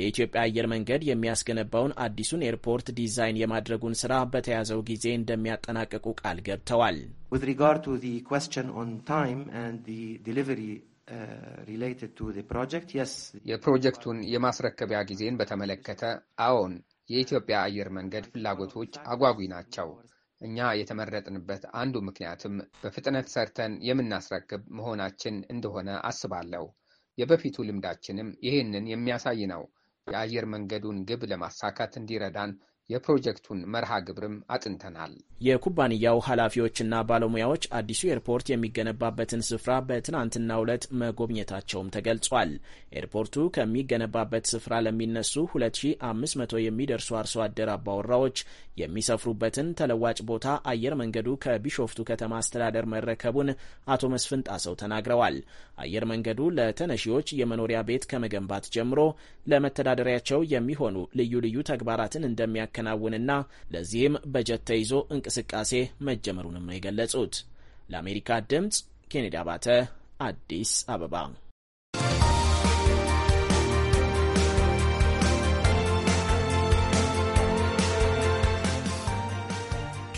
የኢትዮጵያ አየር መንገድ የሚያስገነባውን አዲሱን ኤርፖርት ዲዛይን የማድረጉን ስራ በተያዘው ጊዜ እንደሚያጠናቅቁ ቃል ገብተዋል። With regard to the question on time and the delivery Uh, የፕሮጀክቱን የማስረከቢያ ጊዜን በተመለከተ አዎን፣ የኢትዮጵያ አየር መንገድ ፍላጎቶች አጓጊ ናቸው። እኛ የተመረጥንበት አንዱ ምክንያትም በፍጥነት ሰርተን የምናስረክብ መሆናችን እንደሆነ አስባለሁ። የበፊቱ ልምዳችንም ይህንን የሚያሳይ ነው። የአየር መንገዱን ግብ ለማሳካት እንዲረዳን የፕሮጀክቱን መርሃ ግብርም አጥንተናል። የኩባንያው ኃላፊዎችና ባለሙያዎች አዲሱ ኤርፖርት የሚገነባበትን ስፍራ በትናንትናው ዕለት መጎብኘታቸውም ተገልጿል። ኤርፖርቱ ከሚገነባበት ስፍራ ለሚነሱ 2500 የሚደርሱ አርሶ አደር አባወራዎች የሚሰፍሩበትን ተለዋጭ ቦታ አየር መንገዱ ከቢሾፍቱ ከተማ አስተዳደር መረከቡን አቶ መስፍን ጣሰው ተናግረዋል። አየር መንገዱ ለተነሺዎች የመኖሪያ ቤት ከመገንባት ጀምሮ ለመተዳደሪያቸው የሚሆኑ ልዩ ልዩ ተግባራትን እንደሚያ እንደሚያከናውንና ለዚህም በጀት ተይዞ እንቅስቃሴ መጀመሩንም ነው የገለጹት። ለአሜሪካ ድምፅ ኬኔዲ አባተ አዲስ አበባ።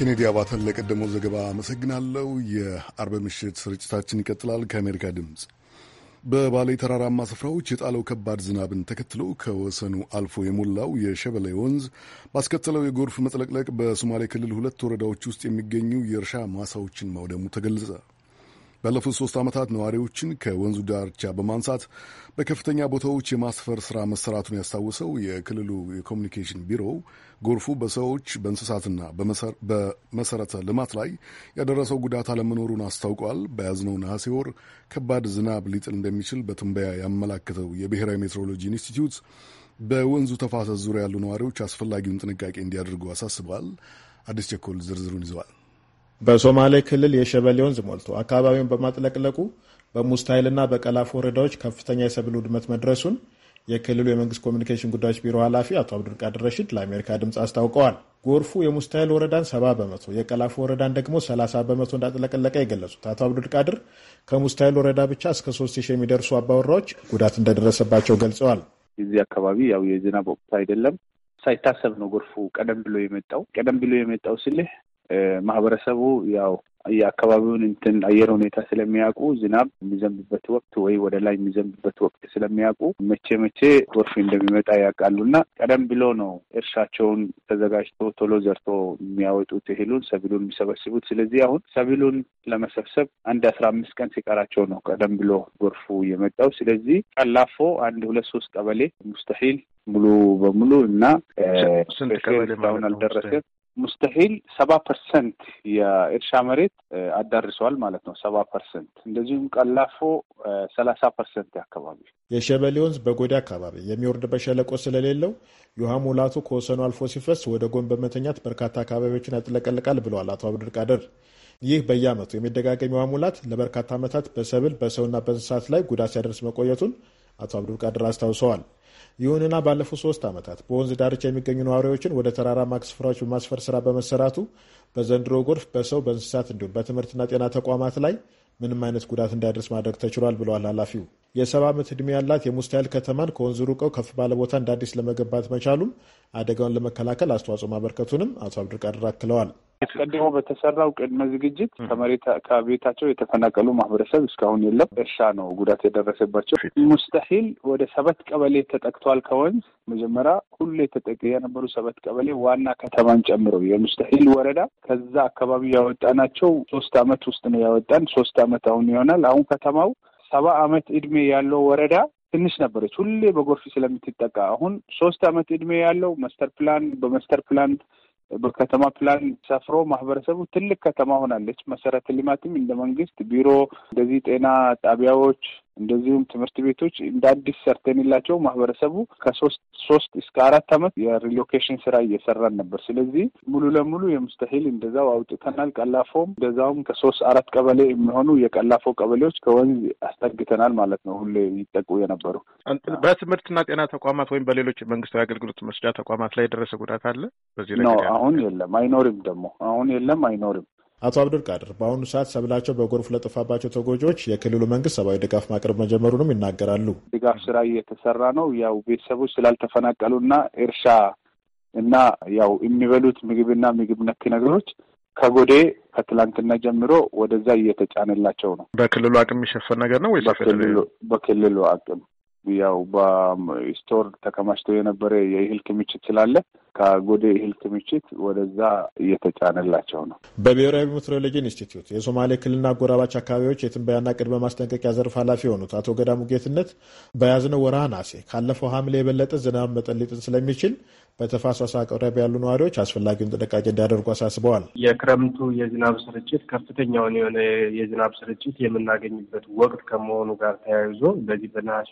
ኬኔዲ አባተን ለቀደመው ዘገባ አመሰግናለሁ። የአርብ ምሽት ስርጭታችን ይቀጥላል። ከአሜሪካ ድምፅ በባሌ ተራራማ ስፍራዎች የጣለው ከባድ ዝናብን ተከትሎ ከወሰኑ አልፎ የሞላው የሸበሌ ወንዝ ባስከተለው የጎርፍ መጥለቅለቅ በሶማሌ ክልል ሁለት ወረዳዎች ውስጥ የሚገኙ የእርሻ ማሳዎችን ማውደሙ ተገለጸ። ባለፉት ሶስት ዓመታት ነዋሪዎችን ከወንዙ ዳርቻ በማንሳት በከፍተኛ ቦታዎች የማስፈር ስራ መሰራቱን ያስታውሰው የክልሉ የኮሚኒኬሽን ቢሮ ጎርፉ በሰዎች በእንስሳትና በመሰረተ ልማት ላይ ያደረሰው ጉዳት አለመኖሩን አስታውቋል። በያዝነው ነሐሴ ወር ከባድ ዝናብ ሊጥል እንደሚችል በትንበያ ያመላከተው የብሔራዊ ሜትሮሎጂ ኢንስቲትዩት በወንዙ ተፋሰስ ዙሪያ ያሉ ነዋሪዎች አስፈላጊውን ጥንቃቄ እንዲያደርጉ አሳስበዋል አዲስ ቸኮል ዝርዝሩን ይዘዋል። በሶማሌ ክልል የሸበሌ ወንዝ ሞልቶ አካባቢውን በማጥለቅለቁ በሙስታይልና በቀላፎ ወረዳዎች ከፍተኛ የሰብል ውድመት መድረሱን የክልሉ የመንግስት ኮሚኒኬሽን ጉዳዮች ቢሮ ኃላፊ አቶ አብዱልቃድር ረሽድ ለአሜሪካ ድምፅ አስታውቀዋል። ጎርፉ የሙስታይል ወረዳን 70 በመቶ የቀላፎ ወረዳን ደግሞ 30 በመቶ እንዳጥለቀለቀ የገለጹት አቶ አብዱልቃድር ከሙስታይል ወረዳ ብቻ እስከ 3000 የሚደርሱ አባወራዎች ጉዳት እንደደረሰባቸው ገልጸዋል። እዚህ አካባቢ ያው የዝናብ ወቅቱ አይደለም፣ ሳይታሰብ ነው ጎርፉ ቀደም ብሎ የመጣው። ቀደም ብሎ የመጣው ስልህ ማህበረሰቡ ያው የአካባቢውን እንትን አየር ሁኔታ ስለሚያውቁ ዝናብ የሚዘንብበት ወቅት ወይ ወደ ላይ የሚዘንብበት ወቅት ስለሚያውቁ መቼ መቼ ጎርፍ እንደሚመጣ ያውቃሉና ቀደም ብሎ ነው እርሻቸውን ተዘጋጅቶ ቶሎ ዘርቶ የሚያወጡት እህሉን፣ ሰብሉን የሚሰበስቡት። ስለዚህ አሁን ሰብሉን ለመሰብሰብ አንድ አስራ አምስት ቀን ሲቀራቸው ነው ቀደም ብሎ ጎርፉ የመጣው። ስለዚህ ቀላፎ አንድ ሁለት ሶስት ቀበሌ ሙስተሂል ሙሉ በሙሉ እና ሁን አልደረሰም ሙስተሂል ሰባ ፐርሰንት የእርሻ መሬት አዳርሰዋል ማለት ነው። ሰባ ፐርሰንት እንደዚሁም ቀላፎ ሰላሳ ፐርሰንት አካባቢ። የሸበሌ ወንዝ በጎዴ አካባቢ የሚወርድ በሸለቆ ስለሌለው የውሃ ሙላቱ ከወሰኑ አልፎ ሲፈስ ወደ ጎን በመተኛት በርካታ አካባቢዎችን ያጥለቀልቃል ብለዋል አቶ አብዱልቃድር። ይህ በየአመቱ የሚደጋገም የውሃ ሙላት ለበርካታ ዓመታት በሰብል በሰውና በእንስሳት ላይ ጉዳት ሲያደርስ መቆየቱን አቶ ቃድር አስታውሰዋል። ይሁንና ባለፉት ሶስት ዓመታት በወንዝ ዳርቻ የሚገኙ ነዋሪዎችን ወደ ተራራማ ስፍራዎች በማስፈር ስራ በመሰራቱ በዘንድሮ ጎርፍ በሰው በእንስሳት እንዲሁም በትምህርትና ጤና ተቋማት ላይ ምንም አይነት ጉዳት እንዳይደርስ ማድረግ ተችሏል ብለዋል ኃላፊው። የሰባ ዓመት ዕድሜ ያላት የሙስታይል ከተማን ከወንዝ ርቀው ከፍ ባለ ቦታ እንዳዲስ ለመገንባት መቻሉም አደጋውን ለመከላከል አስተዋጽኦ ማበርከቱንም አቶ አብዱልቃድር አክለዋል። የተቀድሞ በተሰራው ቅድመ ዝግጅት ከመሬት ከቤታቸው የተፈናቀሉ ማህበረሰብ እስካሁን የለም። እርሻ ነው ጉዳት የደረሰባቸው። ሙስተሂል ወደ ሰበት ቀበሌ ተጠቅቷል። ከወንዝ መጀመሪያ ሁሉ የተጠቀ የነበሩ ሰበት ቀበሌ ዋና ከተማን ጨምሮ የሙስተሂል ወረዳ ከዛ አካባቢ ያወጣናቸው ሶስት አመት ውስጥ ነው ያወጣን። ሶስት አመት አሁን ይሆናል። አሁን ከተማው ሰባ አመት እድሜ ያለው ወረዳ ትንሽ ነበረች፣ ሁሌ በጎርፍ ስለምትጠቃ። አሁን ሶስት አመት እድሜ ያለው ማስተር ፕላን በማስተር ፕላን በከተማ ፕላን ሰፍሮ ማህበረሰቡ ትልቅ ከተማ ሆናለች። መሰረተ ልማትም እንደ መንግስት ቢሮ እንደዚህ ጤና ጣቢያዎች እንደዚሁም ትምህርት ቤቶች እንደ አዲስ ሰርተንላቸው ማህበረሰቡ ከሶስት ሶስት እስከ አራት አመት የሪሎኬሽን ስራ እየሰራን ነበር። ስለዚህ ሙሉ ለሙሉ የሙስተሂል እንደዛው አውጥተናል። ቀላፎም እንደዛውም ከሶስት አራት ቀበሌ የሚሆኑ የቀላፎ ቀበሌዎች ከወንዝ አስጠግተናል ማለት ነው። ሁሌ ይጠቁ የነበሩ በትምህርትና ጤና ተቋማት ወይም በሌሎች መንግስታዊ አገልግሎት መስጫ ተቋማት ላይ የደረሰ ጉዳት አለ በዚህ ነው። አሁን የለም አይኖርም፣ ደግሞ አሁን የለም አይኖርም። አቶ አብዱል ቃድር በአሁኑ ሰዓት ሰብላቸው በጎርፍ ለጠፋባቸው ተጎጂዎች የክልሉ መንግስት ሰብአዊ ድጋፍ ማቅረብ መጀመሩንም ይናገራሉ። ድጋፍ ስራ እየተሰራ ነው። ያው ቤተሰቦች ስላልተፈናቀሉና እርሻ እና ያው የሚበሉት ምግብና ምግብ ነክ ነገሮች ከጎዴ ከትላንትና ጀምሮ ወደዛ እየተጫነላቸው ነው። በክልሉ አቅም የሚሸፈን ነገር ነው ወይስ በክልሉ አቅም ያው በስቶር ተከማችቶ የነበረ የእህል ክምችት ስላለ ከጎዴ እህል ክምችት ወደዛ እየተጫነላቸው ነው። በብሔራዊ ሜትሮሎጂ ኢንስቲትዩት የሶማሌ ክልልና አጎራባች አካባቢዎች የትንበያና ቅድመ ማስጠንቀቂያ ዘርፍ ኃላፊ የሆኑት አቶ ገዳሙ ጌትነት በያዝነው ወርሃ ነሐሴ ካለፈው ሐምሌ የበለጠ ዝናብ መጠን ሊጥል ስለሚችል በተፋሰስ አቅራቢ ያሉ ነዋሪዎች አስፈላጊውን ጥንቃቄ እንዲያደርጉ አሳስበዋል። የክረምቱ የዝናብ ስርጭት ከፍተኛውን የሆነ የዝናብ ስርጭት የምናገኝበት ወቅት ከመሆኑ ጋር ተያይዞ በዚህ በነሐሴ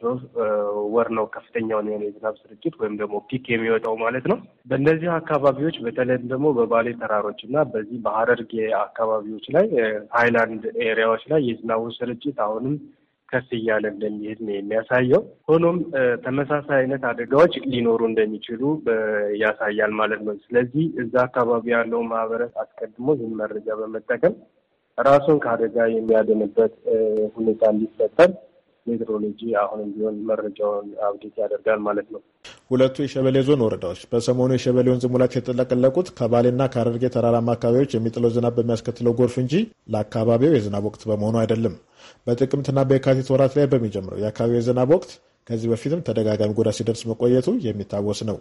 ወር ነው ከፍተኛውን የሆነ የዝናብ ስርጭት ወይም ደግሞ ፒክ የሚወጣው ማለት ነው። በእነዚህ አካባቢዎች በተለይም ደግሞ በባሌ ተራሮች እና በዚህ በሀረርጌ አካባቢዎች ላይ ሀይላንድ ኤሪያዎች ላይ የዝናቡ ስርጭት አሁንም ከፍ እያለ እንደሚሄድ ነው የሚያሳየው። ሆኖም ተመሳሳይ አይነት አደጋዎች ሊኖሩ እንደሚችሉ ያሳያል ማለት ነው። ስለዚህ እዛ አካባቢ ያለው ማህበረሰብ አስቀድሞ ይህን መረጃ በመጠቀም ራሱን ከአደጋ የሚያድንበት ሁኔታ እንዲፈጠር ሜትሮሎጂ አሁንም ቢሆን መረጃውን አብዴት ያደርጋል ማለት ነው። ሁለቱ የሸበሌ ዞን ወረዳዎች በሰሞኑ የሸበሌ ወንዝ ሙላት የተጠለቀለቁት ከባሌና ከሀረርጌ ተራራማ አካባቢዎች የሚጥለው ዝናብ በሚያስከትለው ጎርፍ እንጂ ለአካባቢው የዝናብ ወቅት በመሆኑ አይደለም። በጥቅምትና በየካቲት ወራት ላይ በሚጀምረው የአካባቢው የዝናብ ወቅት ከዚህ በፊትም ተደጋጋሚ ጉዳት ሲደርስ መቆየቱ የሚታወስ ነው።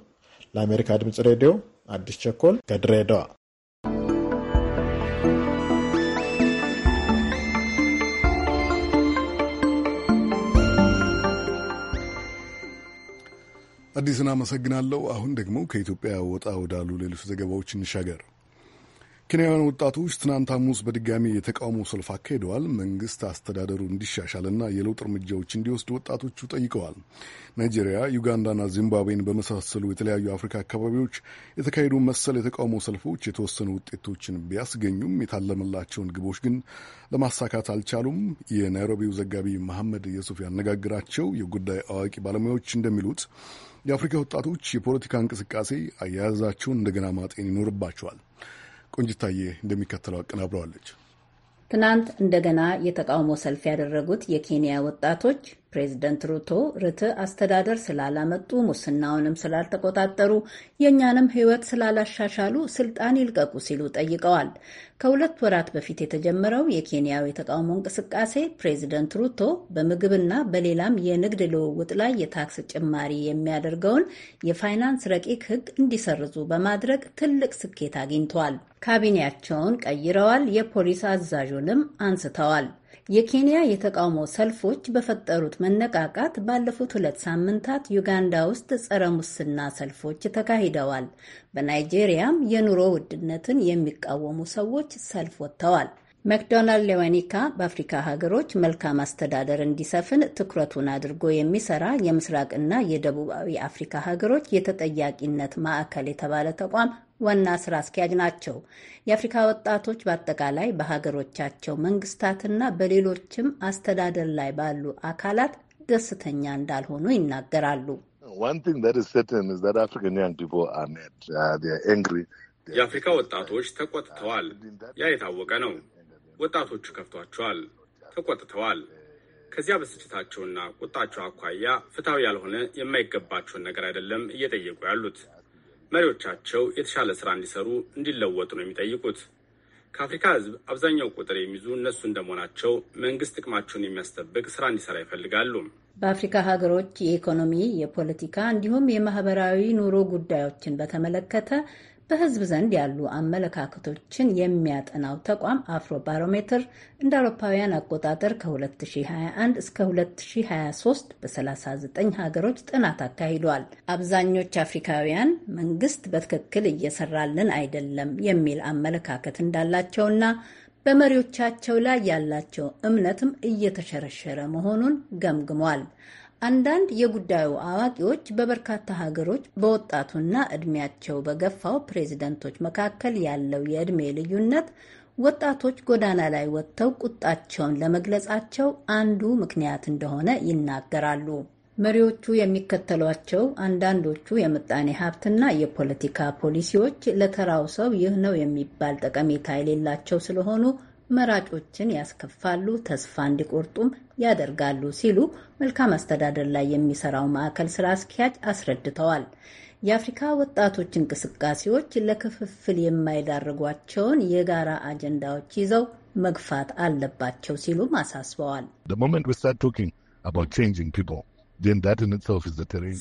ለአሜሪካ ድምጽ ሬዲዮ አዲስ ቸኮል ከድሬዳዋ አዲስን አመሰግናለሁ። አሁን ደግሞ ከኢትዮጵያ ወጣ ወዳሉ ሌሎች ዘገባዎች እንሻገር። ኬንያውያን ወጣቶች ትናንት ሐሙስ በድጋሚ የተቃውሞ ሰልፍ አካሂደዋል። መንግስት አስተዳደሩ እንዲሻሻልና የለውጥ እርምጃዎች እንዲወስድ ወጣቶቹ ጠይቀዋል። ናይጄሪያ፣ ዩጋንዳና ዚምባብዌን በመሳሰሉ የተለያዩ አፍሪካ አካባቢዎች የተካሄዱ መሰል የተቃውሞ ሰልፎች የተወሰኑ ውጤቶችን ቢያስገኙም የታለመላቸውን ግቦች ግን ለማሳካት አልቻሉም። የናይሮቢው ዘጋቢ መሐመድ የሱፍ ያነጋግራቸው የጉዳይ አዋቂ ባለሙያዎች እንደሚሉት የአፍሪካ ወጣቶች የፖለቲካ እንቅስቃሴ አያያዛቸውን እንደገና ማጤን ይኖርባቸዋል። ቆንጅታዬ እንደሚከተለው አቀናብረዋለች። ትናንት እንደገና የተቃውሞ ሰልፍ ያደረጉት የኬንያ ወጣቶች ፕሬዚደንት ሩቶ ርትዕ አስተዳደር ስላላመጡ፣ ሙስናውንም ስላልተቆጣጠሩ፣ የእኛንም ሕይወት ስላላሻሻሉ ስልጣን ይልቀቁ ሲሉ ጠይቀዋል። ከሁለት ወራት በፊት የተጀመረው የኬንያው የተቃውሞ እንቅስቃሴ ፕሬዚደንት ሩቶ በምግብና በሌላም የንግድ ልውውጥ ላይ የታክስ ጭማሪ የሚያደርገውን የፋይናንስ ረቂቅ ሕግ እንዲሰርዙ በማድረግ ትልቅ ስኬት አግኝተዋል። ካቢኔያቸውን ቀይረዋል። የፖሊስ አዛዡንም አንስተዋል። የኬንያ የተቃውሞ ሰልፎች በፈጠሩት መነቃቃት ባለፉት ሁለት ሳምንታት ዩጋንዳ ውስጥ ጸረ ሙስና ሰልፎች ተካሂደዋል። በናይጄሪያም የኑሮ ውድነትን የሚቃወሙ ሰዎች ሰልፍ ወጥተዋል። መክዶናል ሌዋኒካ በአፍሪካ ሀገሮች መልካም አስተዳደር እንዲሰፍን ትኩረቱን አድርጎ የሚሰራ የምስራቅና የደቡባዊ አፍሪካ ሀገሮች የተጠያቂነት ማዕከል የተባለ ተቋም ዋና ስራ አስኪያጅ ናቸው። የአፍሪካ ወጣቶች በአጠቃላይ በሀገሮቻቸው መንግስታትና በሌሎችም አስተዳደር ላይ ባሉ አካላት ደስተኛ እንዳልሆኑ ይናገራሉ። uh, የአፍሪካ ወጣቶች ተቆጥተዋል። ያ የታወቀ ነው። ወጣቶቹ ከፍቷቸዋል፣ ተቆጥተዋል። ከዚያ በስጭታቸውና ቁጣቸው አኳያ ፍትሐዊ ያልሆነ የማይገባቸውን ነገር አይደለም እየጠየቁ ያሉት። መሪዎቻቸው የተሻለ ስራ እንዲሰሩ እንዲለወጡ ነው የሚጠይቁት። ከአፍሪካ ሕዝብ አብዛኛው ቁጥር የሚይዙ እነሱ እንደመሆናቸው መንግስት ጥቅማቸውን የሚያስጠብቅ ስራ እንዲሰራ ይፈልጋሉ። በአፍሪካ ሀገሮች የኢኮኖሚ፣ የፖለቲካ እንዲሁም የማህበራዊ ኑሮ ጉዳዮችን በተመለከተ በህዝብ ዘንድ ያሉ አመለካከቶችን የሚያጠናው ተቋም አፍሮ ባሮሜትር እንደ አውሮፓውያን አቆጣጠር ከ2021 እስከ 2023 በ39 ሀገሮች ጥናት አካሂዷል። አብዛኞች አፍሪካውያን መንግስት በትክክል እየሰራልን አይደለም የሚል አመለካከት እንዳላቸውና በመሪዎቻቸው ላይ ያላቸው እምነትም እየተሸረሸረ መሆኑን ገምግሟል። አንዳንድ የጉዳዩ አዋቂዎች በበርካታ ሀገሮች በወጣቱና እድሜያቸው በገፋው ፕሬዚደንቶች መካከል ያለው የእድሜ ልዩነት ወጣቶች ጎዳና ላይ ወጥተው ቁጣቸውን ለመግለጻቸው አንዱ ምክንያት እንደሆነ ይናገራሉ። መሪዎቹ የሚከተሏቸው አንዳንዶቹ የምጣኔ ሀብትና የፖለቲካ ፖሊሲዎች ለተራው ሰው ይህ ነው የሚባል ጠቀሜታ የሌላቸው ስለሆኑ መራጮችን ያስከፋሉ፣ ተስፋ እንዲቆርጡም ያደርጋሉ ሲሉ መልካም አስተዳደር ላይ የሚሰራው ማዕከል ስራ አስኪያጅ አስረድተዋል። የአፍሪካ ወጣቶች እንቅስቃሴዎች ለክፍፍል የማይዳርጓቸውን የጋራ አጀንዳዎች ይዘው መግፋት አለባቸው ሲሉም አሳስበዋል።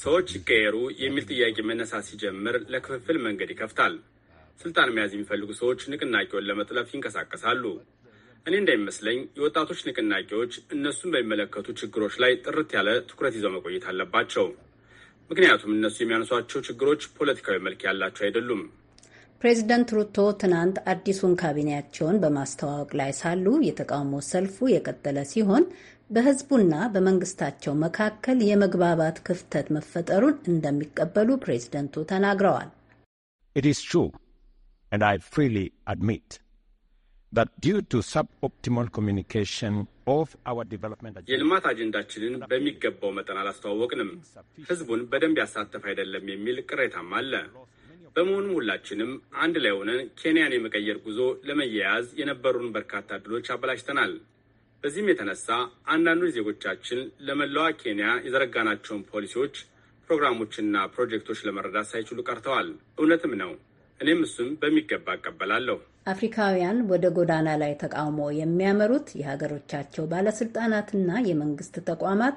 ሰዎች ይቀየሩ የሚል ጥያቄ መነሳት ሲጀምር ለክፍፍል መንገድ ይከፍታል። ስልጣን መያዝ የሚፈልጉ ሰዎች ንቅናቄውን ለመጥለፍ ይንቀሳቀሳሉ። እኔ እንዳይመስለኝ የወጣቶች ንቅናቄዎች እነሱን በሚመለከቱ ችግሮች ላይ ጥርት ያለ ትኩረት ይዘው መቆየት አለባቸው። ምክንያቱም እነሱ የሚያነሷቸው ችግሮች ፖለቲካዊ መልክ ያላቸው አይደሉም። ፕሬዚደንት ሩቶ ትናንት አዲሱን ካቢኔያቸውን በማስተዋወቅ ላይ ሳሉ የተቃውሞ ሰልፉ የቀጠለ ሲሆን በሕዝቡና በመንግስታቸው መካከል የመግባባት ክፍተት መፈጠሩን እንደሚቀበሉ ፕሬዚደንቱ ተናግረዋል። It is true and I freely admit የልማት አጀንዳችንን በሚገባው መጠን አላስተዋወቅንም፣ ህዝቡን በደንብ ያሳተፍ አይደለም የሚል ቅሬታም አለ። በመሆኑም ሁላችንም አንድ ላይ ሆነን ኬንያን የመቀየር ጉዞ ለመያያዝ የነበሩን በርካታ እድሎች አበላሽተናል። በዚህም የተነሳ አንዳንዶች ዜጎቻችን ለመላዋ ኬንያ የዘረጋናቸውን ፖሊሲዎች፣ ፕሮግራሞችና ፕሮጀክቶች ለመረዳት ሳይችሉ ቀርተዋል። እውነትም ነው። እኔም እሱን በሚገባ እቀበላለሁ። አፍሪካውያን ወደ ጎዳና ላይ ተቃውሞ የሚያመሩት የሀገሮቻቸው ባለስልጣናትና የመንግስት ተቋማት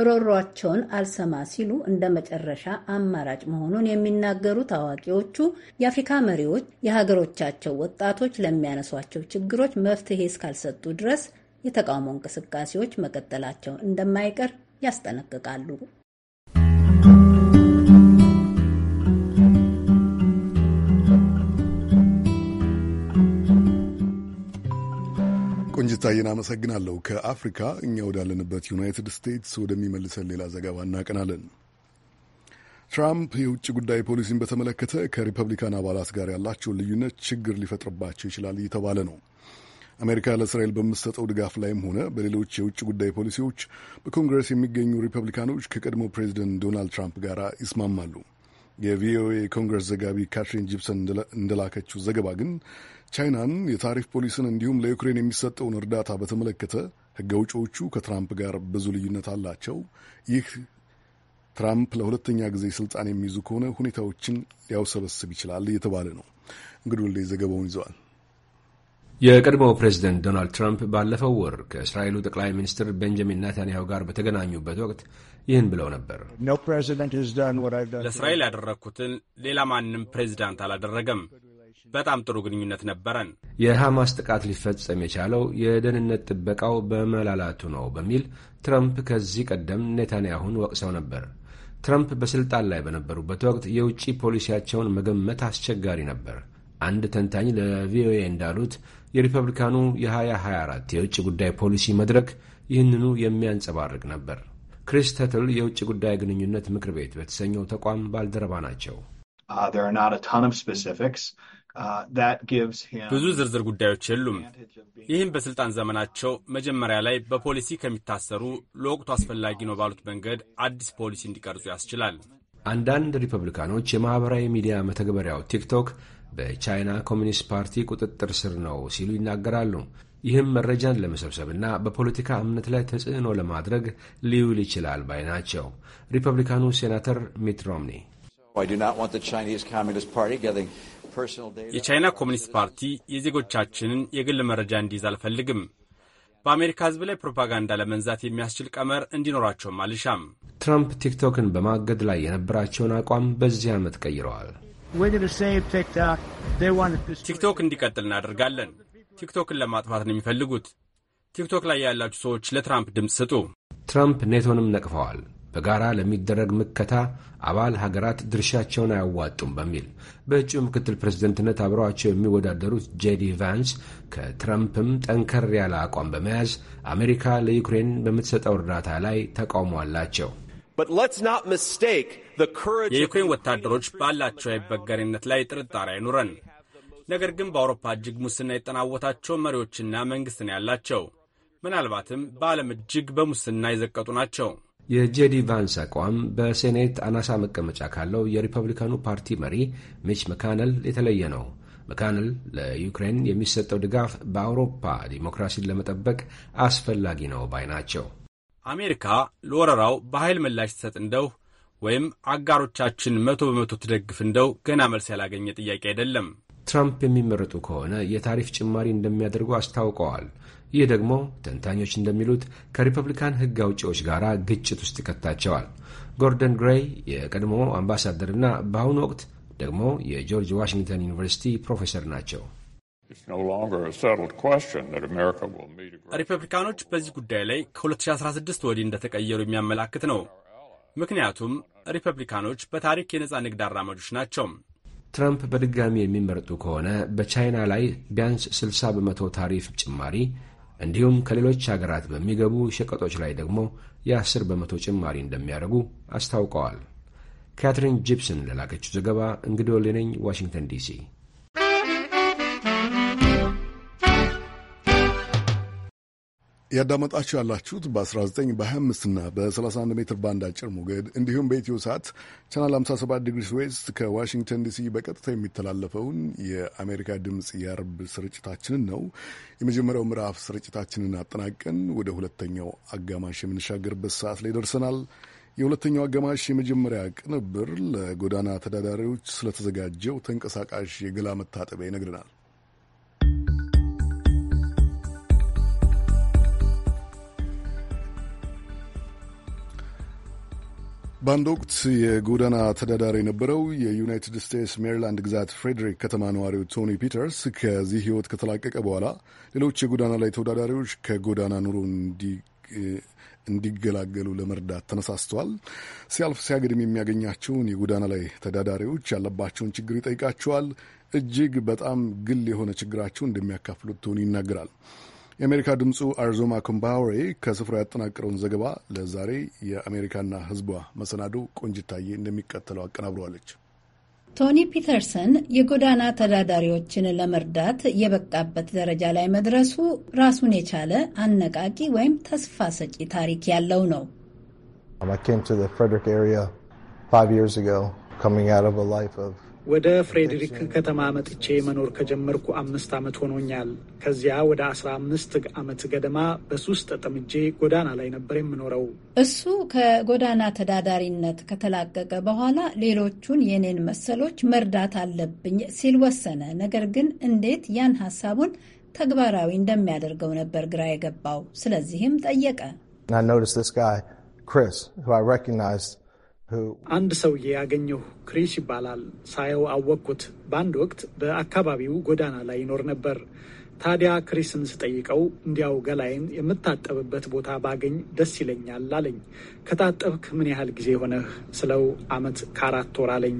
እሮሯቸውን አልሰማ ሲሉ እንደ መጨረሻ አማራጭ መሆኑን የሚናገሩት አዋቂዎቹ የአፍሪካ መሪዎች የሀገሮቻቸው ወጣቶች ለሚያነሷቸው ችግሮች መፍትሄ እስካልሰጡ ድረስ የተቃውሞ እንቅስቃሴዎች መቀጠላቸው እንደማይቀር ያስጠነቅቃሉ። ቆንጅታዬን አመሰግናለሁ። ከአፍሪካ እኛ ወዳለንበት ዩናይትድ ስቴትስ ወደሚመልሰን ሌላ ዘገባ እናቀናለን። ትራምፕ የውጭ ጉዳይ ፖሊሲን በተመለከተ ከሪፐብሊካን አባላት ጋር ያላቸውን ልዩነት ችግር ሊፈጥርባቸው ይችላል እየተባለ ነው። አሜሪካ ለእስራኤል በምትሰጠው ድጋፍ ላይም ሆነ በሌሎች የውጭ ጉዳይ ፖሊሲዎች በኮንግረስ የሚገኙ ሪፐብሊካኖች ከቀድሞ ፕሬዚደንት ዶናልድ ትራምፕ ጋር ይስማማሉ። የቪኦኤ ኮንግረስ ዘጋቢ ካትሪን ጂፕሰን እንደላከችው ዘገባ ግን ቻይናን፣ የታሪፍ ፖሊሲን እንዲሁም ለዩክሬን የሚሰጠውን እርዳታ በተመለከተ ህገ ውጪዎቹ ከትራምፕ ጋር ብዙ ልዩነት አላቸው። ይህ ትራምፕ ለሁለተኛ ጊዜ ስልጣን የሚይዙ ከሆነ ሁኔታዎችን ሊያውሰበስብ ይችላል እየተባለ ነው። እንግዲህ ወልዴ ዘገባውን ይዘዋል። የቀድሞው ፕሬዚደንት ዶናልድ ትራምፕ ባለፈው ወር ከእስራኤሉ ጠቅላይ ሚኒስትር ቤንጃሚን ኔታንያሁ ጋር በተገናኙበት ወቅት ይህን ብለው ነበር። ለእስራኤል ያደረግኩትን ሌላ ማንም ፕሬዚዳንት አላደረገም። በጣም ጥሩ ግንኙነት ነበረን። የሐማስ ጥቃት ሊፈጸም የቻለው የደህንነት ጥበቃው በመላላቱ ነው በሚል ትረምፕ ከዚህ ቀደም ኔታንያሁን ወቅሰው ነበር። ትረምፕ በስልጣን ላይ በነበሩበት ወቅት የውጭ ፖሊሲያቸውን መገመት አስቸጋሪ ነበር። አንድ ተንታኝ ለቪኦኤ እንዳሉት የሪፐብሊካኑ የ2024 የውጭ ጉዳይ ፖሊሲ መድረክ ይህንኑ የሚያንጸባርቅ ነበር። ክሪስ ተትል የውጭ ጉዳይ ግንኙነት ምክር ቤት በተሰኘው ተቋም ባልደረባ ናቸው። uh, Uh, ብዙ ዝርዝር ጉዳዮች የሉም። ይህም በሥልጣን ዘመናቸው መጀመሪያ ላይ በፖሊሲ ከሚታሰሩ ለወቅቱ አስፈላጊ ነው ባሉት መንገድ አዲስ ፖሊሲ እንዲቀርጹ ያስችላል። አንዳንድ ሪፐብሊካኖች የማኅበራዊ ሚዲያ መተግበሪያው ቲክቶክ በቻይና ኮሚኒስት ፓርቲ ቁጥጥር ስር ነው ሲሉ ይናገራሉ። ይህም መረጃን ለመሰብሰብና በፖለቲካ እምነት ላይ ተጽዕኖ ለማድረግ ሊውል ይችላል ባይ ናቸው። ሪፐብሊካኑ ሴናተር ሚት ሮምኒ የቻይና ኮሚኒስት ፓርቲ የዜጎቻችንን የግል መረጃ እንዲይዝ አልፈልግም። በአሜሪካ ሕዝብ ላይ ፕሮፓጋንዳ ለመንዛት የሚያስችል ቀመር እንዲኖራቸውም አልሻም። ትራምፕ ቲክቶክን በማገድ ላይ የነበራቸውን አቋም በዚህ ዓመት ቀይረዋል። ቲክቶክ እንዲቀጥል እናደርጋለን። ቲክቶክን ለማጥፋት ነው የሚፈልጉት። ቲክቶክ ላይ ያላችሁ ሰዎች ለትራምፕ ድምፅ ስጡ። ትራምፕ ኔቶንም ነቅፈዋል። በጋራ ለሚደረግ ምከታ አባል ሀገራት ድርሻቸውን አያዋጡም በሚል በእጩ ምክትል ፕሬዝደንትነት አብረዋቸው የሚወዳደሩት ጄዲ ቫንስ ከትረምፕም ጠንከር ያለ አቋም በመያዝ አሜሪካ ለዩክሬን በምትሰጠው እርዳታ ላይ ተቃውሞ አላቸው። የዩክሬን ወታደሮች ባላቸው የበገሬነት ላይ ጥርጣሬ አይኑረን። ነገር ግን በአውሮፓ እጅግ ሙስና የጠናወታቸው መሪዎችና መንግሥትን ያላቸው ምናልባትም በዓለም እጅግ በሙስና የዘቀጡ ናቸው። የጄዲ ቫንስ አቋም በሴኔት አናሳ መቀመጫ ካለው የሪፐብሊካኑ ፓርቲ መሪ ሚች መካነል የተለየ ነው። መካነል ለዩክሬን የሚሰጠው ድጋፍ በአውሮፓ ዲሞክራሲን ለመጠበቅ አስፈላጊ ነው ባይ ናቸው። አሜሪካ ለወረራው በኃይል ምላሽ ትሰጥ እንደው ወይም አጋሮቻችን መቶ በመቶ ትደግፍ እንደው ገና መልስ ያላገኘ ጥያቄ አይደለም። ትራምፕ የሚመረጡ ከሆነ የታሪፍ ጭማሪ እንደሚያደርጉ አስታውቀዋል። ይህ ደግሞ ተንታኞች እንደሚሉት ከሪፐብሊካን ሕግ አውጪዎች ጋር ግጭት ውስጥ ይከታቸዋል። ጎርደን ግሬይ የቀድሞ አምባሳደርና በአሁኑ ወቅት ደግሞ የጆርጅ ዋሽንግተን ዩኒቨርሲቲ ፕሮፌሰር ናቸው። ሪፐብሊካኖች በዚህ ጉዳይ ላይ ከ2016 ወዲህ እንደተቀየሩ የሚያመላክት ነው። ምክንያቱም ሪፐብሊካኖች በታሪክ የነጻ ንግድ አራማጆች ናቸው። ትራምፕ በድጋሚ የሚመረጡ ከሆነ በቻይና ላይ ቢያንስ 60 በመቶ ታሪፍ ጭማሪ እንዲሁም ከሌሎች ሀገራት በሚገቡ ሸቀጦች ላይ ደግሞ የ10 በመቶ ጭማሪ እንደሚያደርጉ አስታውቀዋል። ካትሪን ጂፕሰን ለላከችው ዘገባ እንግዶ ሌነኝ ዋሽንግተን ዲሲ ያዳመጣችሁ ያላችሁት በ19 25 እና በ31 ሜትር ባንድ አጭር ሞገድ እንዲሁም በኢትዮ ሰዓት ቻናል 57 ዲግሪ ዌስት ከዋሽንግተን ዲሲ በቀጥታ የሚተላለፈውን የአሜሪካ ድምፅ የአርብ ስርጭታችንን ነው። የመጀመሪያው ምዕራፍ ስርጭታችንን አጠናቀን ወደ ሁለተኛው አጋማሽ የምንሻገርበት ሰዓት ላይ ደርሰናል። የሁለተኛው አጋማሽ የመጀመሪያ ቅንብር ለጎዳና ተዳዳሪዎች ስለተዘጋጀው ተንቀሳቃሽ የገላ መታጠቢያ ይነግረናል። በአንድ ወቅት የጎዳና ተዳዳሪ የነበረው የዩናይትድ ስቴትስ ሜሪላንድ ግዛት ፍሬድሪክ ከተማ ነዋሪው ቶኒ ፒተርስ ከዚህ ሕይወት ከተላቀቀ በኋላ ሌሎች የጎዳና ላይ ተወዳዳሪዎች ከጎዳና ኑሮ እንዲገላገሉ ለመርዳት ተነሳስተዋል። ሲያልፍ ሲያገድም የሚያገኛቸውን የጎዳና ላይ ተዳዳሪዎች ያለባቸውን ችግር ይጠይቃቸዋል። እጅግ በጣም ግል የሆነ ችግራቸው እንደሚያካፍሉት ቶኒ ይናገራል። የአሜሪካ ድምፁ አርዞማ ኩምባዌ ከስፍራ ያጠናቀረውን ዘገባ ለዛሬ የአሜሪካና ሕዝቧ መሰናዶ ቆንጅታዬ እንደሚቀጥለው አቀናብረዋለች። ቶኒ ፒተርሰን የጎዳና ተዳዳሪዎችን ለመርዳት የበቃበት ደረጃ ላይ መድረሱ ራሱን የቻለ አነቃቂ ወይም ተስፋ ሰጪ ታሪክ ያለው ነው። ወደ ፍሬድሪክ ከተማ መጥቼ መኖር ከጀመርኩ አምስት ዓመት ሆኖኛል። ከዚያ ወደ አስራ አምስት ዓመት ገደማ በሱስ ተጠምጄ ጎዳና ላይ ነበር የምኖረው። እሱ ከጎዳና ተዳዳሪነት ከተላቀቀ በኋላ ሌሎቹን የኔን መሰሎች መርዳት አለብኝ ሲል ወሰነ። ነገር ግን እንዴት ያን ሀሳቡን ተግባራዊ እንደሚያደርገው ነበር ግራ የገባው። ስለዚህም ጠየቀ። አንድ ሰውዬ ያገኘሁ ክሪሽ ይባላል። ሳየው አወቅኩት። በአንድ ወቅት በአካባቢው ጎዳና ላይ ይኖር ነበር። ታዲያ ክሪስን ስጠይቀው እንዲያው ገላይን የምታጠብበት ቦታ ባገኝ ደስ ይለኛል አለኝ። ከታጠብክ ምን ያህል ጊዜ ሆነህ ስለው ዓመት ከአራት ወር አለኝ።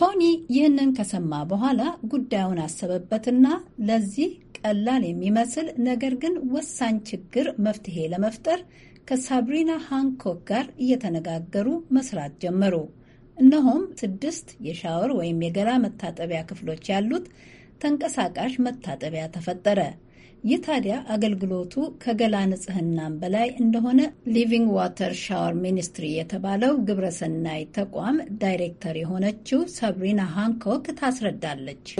ቶኒ ይህንን ከሰማ በኋላ ጉዳዩን አሰበበትና ለዚህ ቀላል የሚመስል ነገር ግን ወሳኝ ችግር መፍትሄ ለመፍጠር ከሳብሪና ሃንኮክ ጋር እየተነጋገሩ መስራት ጀመሩ። እነሆም ስድስት የሻወር ወይም የገላ መታጠቢያ ክፍሎች ያሉት ተንቀሳቃሽ መታጠቢያ ተፈጠረ። ይህ ታዲያ አገልግሎቱ ከገላ ንጽህናም በላይ እንደሆነ ሊቪንግ ዋተር ሻወር ሚኒስትሪ የተባለው ግብረሰናይ ተቋም ዳይሬክተር የሆነችው ሳብሪና ሃንኮክ ታስረዳለች።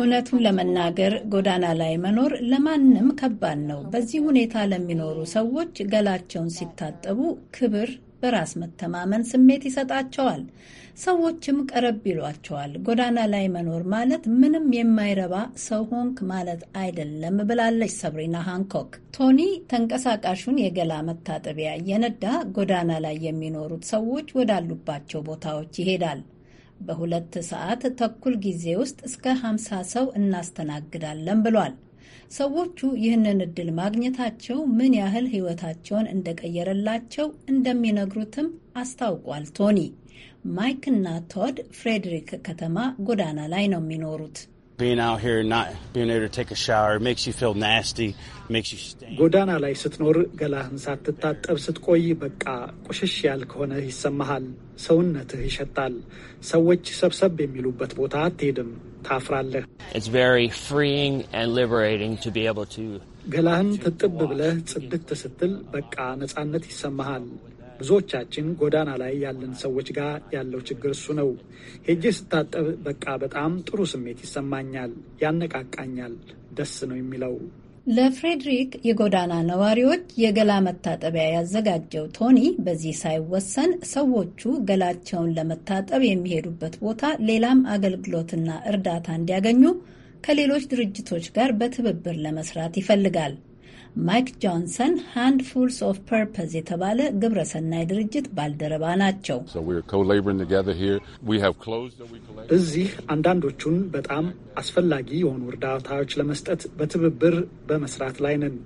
እውነቱን ለመናገር ጎዳና ላይ መኖር ለማንም ከባድ ነው። በዚህ ሁኔታ ለሚኖሩ ሰዎች ገላቸውን ሲታጠቡ ክብር፣ በራስ መተማመን ስሜት ይሰጣቸዋል። ሰዎችም ቀረብ ይሏቸዋል። ጎዳና ላይ መኖር ማለት ምንም የማይረባ ሰው ሆንክ ማለት አይደለም ብላለች ሰብሪና ሃንኮክ። ቶኒ ተንቀሳቃሹን የገላ መታጠቢያ እየነዳ ጎዳና ላይ የሚኖሩት ሰዎች ወዳሉባቸው ቦታዎች ይሄዳል። በሁለት ሰዓት ተኩል ጊዜ ውስጥ እስከ 50 ሰው እናስተናግዳለን ብሏል። ሰዎቹ ይህንን እድል ማግኘታቸው ምን ያህል ሕይወታቸውን እንደቀየረላቸው እንደሚነግሩትም አስታውቋል። ቶኒ ማይክና ቶድ ፍሬድሪክ ከተማ ጎዳና ላይ ነው የሚኖሩት። being out here and not being able to take a shower makes you feel nasty makes you stink. It's very freeing and liberating to be able to ብዙዎቻችን ጎዳና ላይ ያለን ሰዎች ጋር ያለው ችግር እሱ ነው። ሄጄ ስታጠብ በቃ በጣም ጥሩ ስሜት ይሰማኛል፣ ያነቃቃኛል፣ ደስ ነው የሚለው። ለፍሬድሪክ የጎዳና ነዋሪዎች የገላ መታጠቢያ ያዘጋጀው ቶኒ በዚህ ሳይወሰን ሰዎቹ ገላቸውን ለመታጠብ የሚሄዱበት ቦታ ሌላም አገልግሎትና እርዳታ እንዲያገኙ ከሌሎች ድርጅቶች ጋር በትብብር ለመስራት ይፈልጋል። ማይክ ጆንሰን ሃንድ ፉልስ ኦፍ ፐርፐዝ የተባለ ግብረሰናይ ድርጅት ባልደረባ ናቸው። እዚህ አንዳንዶቹን በጣም አስፈላጊ የሆኑ እርዳታዎች ለመስጠት በትብብር በመስራት ላይ ነን።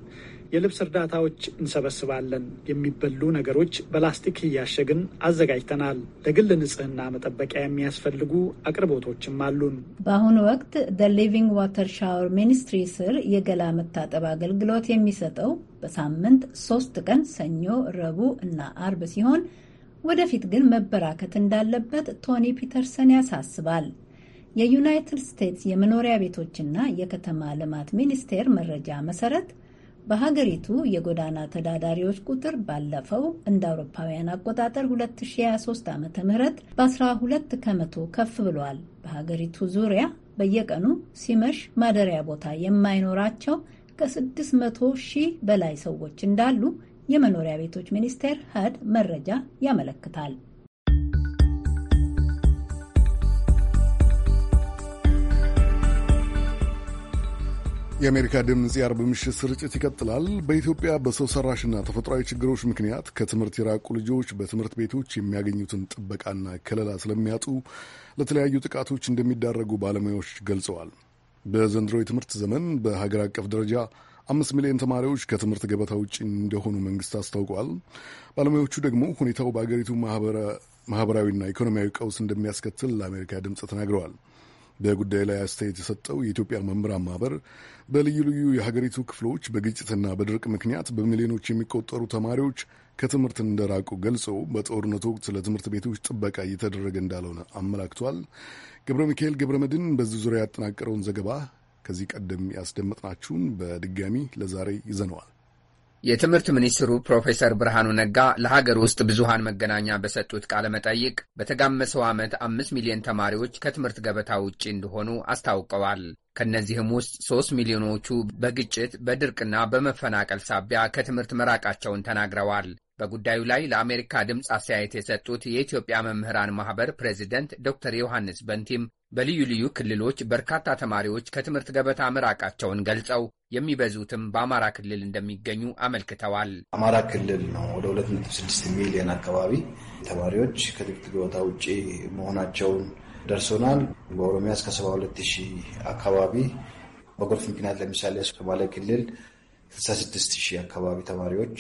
የልብስ እርዳታዎች እንሰበስባለን። የሚበሉ ነገሮች በላስቲክ እያሸግን አዘጋጅተናል። ለግል ንጽህና መጠበቂያ የሚያስፈልጉ አቅርቦቶችም አሉን። በአሁኑ ወቅት ደ ሊቪንግ ዋተር ሻወር ሚኒስትሪ ስር የገላ መታጠብ አገልግሎት የሚሰጠው በሳምንት ሶስት ቀን ሰኞ፣ ረቡዕ እና አርብ ሲሆን ወደፊት ግን መበራከት እንዳለበት ቶኒ ፒተርሰን ያሳስባል። የዩናይትድ ስቴትስ የመኖሪያ ቤቶችና የከተማ ልማት ሚኒስቴር መረጃ መሰረት በሀገሪቱ የጎዳና ተዳዳሪዎች ቁጥር ባለፈው እንደ አውሮፓውያን አቆጣጠር 2023 ዓ ም በ12 ከመቶ ከፍ ብሏል። በሀገሪቱ ዙሪያ በየቀኑ ሲመሽ ማደሪያ ቦታ የማይኖራቸው ከ600 ሺህ በላይ ሰዎች እንዳሉ የመኖሪያ ቤቶች ሚኒስቴር ሀድ መረጃ ያመለክታል። የአሜሪካ ድምፅ የአርብ ምሽት ስርጭት ይቀጥላል። በኢትዮጵያ በሰው ሰራሽና ተፈጥሯዊ ችግሮች ምክንያት ከትምህርት የራቁ ልጆች በትምህርት ቤቶች የሚያገኙትን ጥበቃና ከለላ ስለሚያጡ ለተለያዩ ጥቃቶች እንደሚዳረጉ ባለሙያዎች ገልጸዋል። በዘንድሮ የትምህርት ዘመን በሀገር አቀፍ ደረጃ አምስት ሚሊዮን ተማሪዎች ከትምህርት ገበታ ውጭ እንደሆኑ መንግስት አስታውቋል። ባለሙያዎቹ ደግሞ ሁኔታው በአገሪቱ ማህበራዊና ኢኮኖሚያዊ ቀውስ እንደሚያስከትል ለአሜሪካ ድምፅ ተናግረዋል። በጉዳዩ ላይ አስተያየት የሰጠው የኢትዮጵያ መምህራን ማህበር በልዩ ልዩ የሀገሪቱ ክፍሎች በግጭትና በድርቅ ምክንያት በሚሊዮኖች የሚቆጠሩ ተማሪዎች ከትምህርት እንደራቁ ገልጾ በጦርነቱ ወቅት ለትምህርት ቤቶች ጥበቃ እየተደረገ እንዳልሆነ አመላክቷል። ገብረ ሚካኤል ገብረ መድን በዚህ ዙሪያ ያጠናቀረውን ዘገባ ከዚህ ቀደም ያስደመጥናችሁን በድጋሚ ለዛሬ ይዘነዋል። የትምህርት ሚኒስትሩ ፕሮፌሰር ብርሃኑ ነጋ ለሀገር ውስጥ ብዙሃን መገናኛ በሰጡት ቃለ መጠይቅ በተጋመሰው ዓመት አምስት ሚሊዮን ተማሪዎች ከትምህርት ገበታ ውጪ እንደሆኑ አስታውቀዋል። ከእነዚህም ውስጥ ሦስት ሚሊዮኖቹ በግጭት በድርቅና በመፈናቀል ሳቢያ ከትምህርት መራቃቸውን ተናግረዋል። በጉዳዩ ላይ ለአሜሪካ ድምፅ አስተያየት የሰጡት የኢትዮጵያ መምህራን ማህበር ፕሬዚደንት ዶክተር ዮሐንስ በንቲም በልዩ ልዩ ክልሎች በርካታ ተማሪዎች ከትምህርት ገበታ መራቃቸውን ገልጸው የሚበዙትም በአማራ ክልል እንደሚገኙ አመልክተዋል። አማራ ክልል ነው ወደ 26 ሚሊዮን አካባቢ ተማሪዎች ከትምህርት ገበታ ውጭ መሆናቸውን ደርሶናል። በኦሮሚያ እስከ 72 ሺህ አካባቢ በጎርፍ ምክንያት ለምሳሌ ሶማሌ ክልል 66 ሺህ አካባቢ ተማሪዎች፣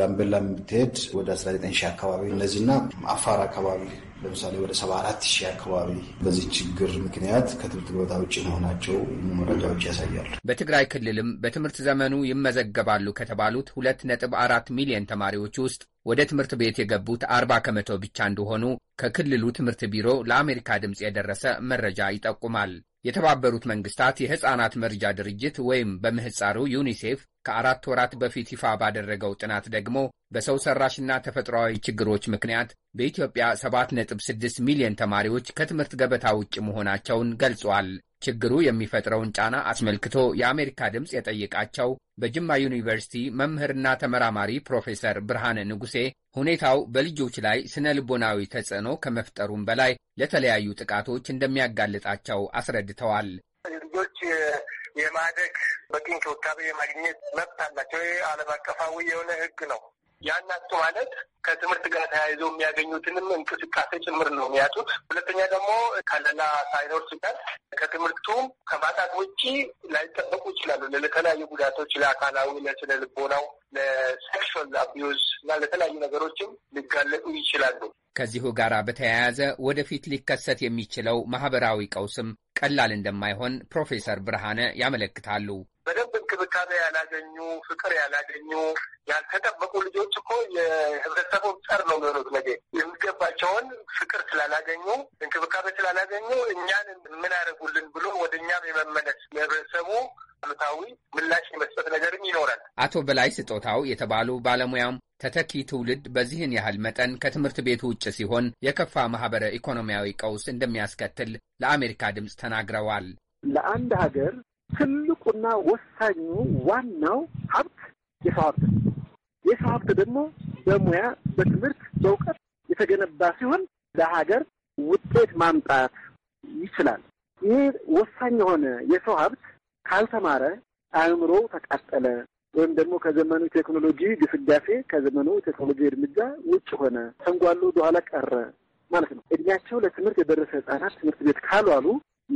ጋምቤላ የምትሄድ ወደ 19 ሺህ አካባቢ እነዚህና አፋር አካባቢ ለምሳሌ ወደ 74 ሺህ አካባቢ በዚህ ችግር ምክንያት ከትምህርት ገበታ ውጭ መሆናቸው መረጃዎች ያሳያሉ። በትግራይ ክልልም በትምህርት ዘመኑ ይመዘገባሉ ከተባሉት ሁለት ነጥብ ሚሊዮን ተማሪዎች ውስጥ ወደ ትምህርት ቤት የገቡት 40 ከመቶ ብቻ እንደሆኑ ከክልሉ ትምህርት ቢሮ ለአሜሪካ ድምፅ የደረሰ መረጃ ይጠቁማል። የተባበሩት መንግስታት የሕፃናት መርጃ ድርጅት ወይም በምህፃሩ ዩኒሴፍ ከአራት ወራት በፊት ይፋ ባደረገው ጥናት ደግሞ በሰው ሰራሽና ተፈጥሯዊ ችግሮች ምክንያት በኢትዮጵያ 7.6 ሚሊዮን ተማሪዎች ከትምህርት ገበታ ውጭ መሆናቸውን ገልጿል። ችግሩ የሚፈጥረውን ጫና አስመልክቶ የአሜሪካ ድምፅ የጠየቃቸው በጅማ ዩኒቨርሲቲ መምህርና ተመራማሪ ፕሮፌሰር ብርሃነ ንጉሴ ሁኔታው በልጆች ላይ ስነ ልቦናዊ ተጽዕኖ ከመፍጠሩም በላይ ለተለያዩ ጥቃቶች እንደሚያጋልጣቸው አስረድተዋል። ልጆች የማደግ በቂ እንክብካቤ የማግኘት መብት አላቸው። ይህ ዓለም አቀፋዊ የሆነ ሕግ ነው። ያናቱ ማለት ከትምህርት ጋር ተያይዘው የሚያገኙትንም እንቅስቃሴ ጭምር ነው የሚያጡት። ሁለተኛ ደግሞ ከለላ ሳይኖር ሲቀር ከትምህርቱ ከማጣት ውጭ ላይጠበቁ ይችላሉ ለተለያዩ ጉዳቶች፣ ለአካላዊ፣ ለስነ ልቦናው፣ ለሴክሹዋል አቢዩዝ እና ለተለያዩ ነገሮችም ሊጋለጡ ይችላሉ። ከዚሁ ጋር በተያያዘ ወደፊት ሊከሰት የሚችለው ማህበራዊ ቀውስም ቀላል እንደማይሆን ፕሮፌሰር ብርሃነ ያመለክታሉ። በደንብ እንክብካቤ ያላገኙ፣ ፍቅር ያላገኙ፣ ያልተጠበቁ ልጆች እኮ የህብረተሰቡ ጸር ነው የሚሆኑት። ነገ የሚገባቸውን ፍቅር ስላላገኙ፣ እንክብካቤ ስላላገኙ እኛን ምን ያደርጉልን ብሎ ወደ እኛም የመመለስ ለህብረተሰቡ አሉታዊ ምላሽ የመስጠት ነገርም ይኖራል። አቶ በላይ ስጦታው የተባሉ ባለሙያም ተተኪ ትውልድ በዚህን ያህል መጠን ከትምህርት ቤቱ ውጭ ሲሆን የከፋ ማህበረ ኢኮኖሚያዊ ቀውስ እንደሚያስከትል ለአሜሪካ ድምፅ ተናግረዋል። ለአንድ ሀገር ትልቁና ወሳኙ ዋናው ሀብት የሰው ሀብት ነው። የሰው ሀብት ደግሞ በሙያ፣ በትምህርት፣ በእውቀት የተገነባ ሲሆን ለሀገር ውጤት ማምጣት ይችላል። ይህ ወሳኝ የሆነ የሰው ሀብት ካልተማረ አእምሮ ተቃጠለ፣ ወይም ደግሞ ከዘመኑ ቴክኖሎጂ ግስጋሴ ከዘመኑ ቴክኖሎጂ እርምጃ ውጭ ሆነ፣ ተንጓሉ፣ በኋላ ቀረ ማለት ነው። እድሜያቸው ለትምህርት የደረሰ ህጻናት ትምህርት ቤት ካሏሉ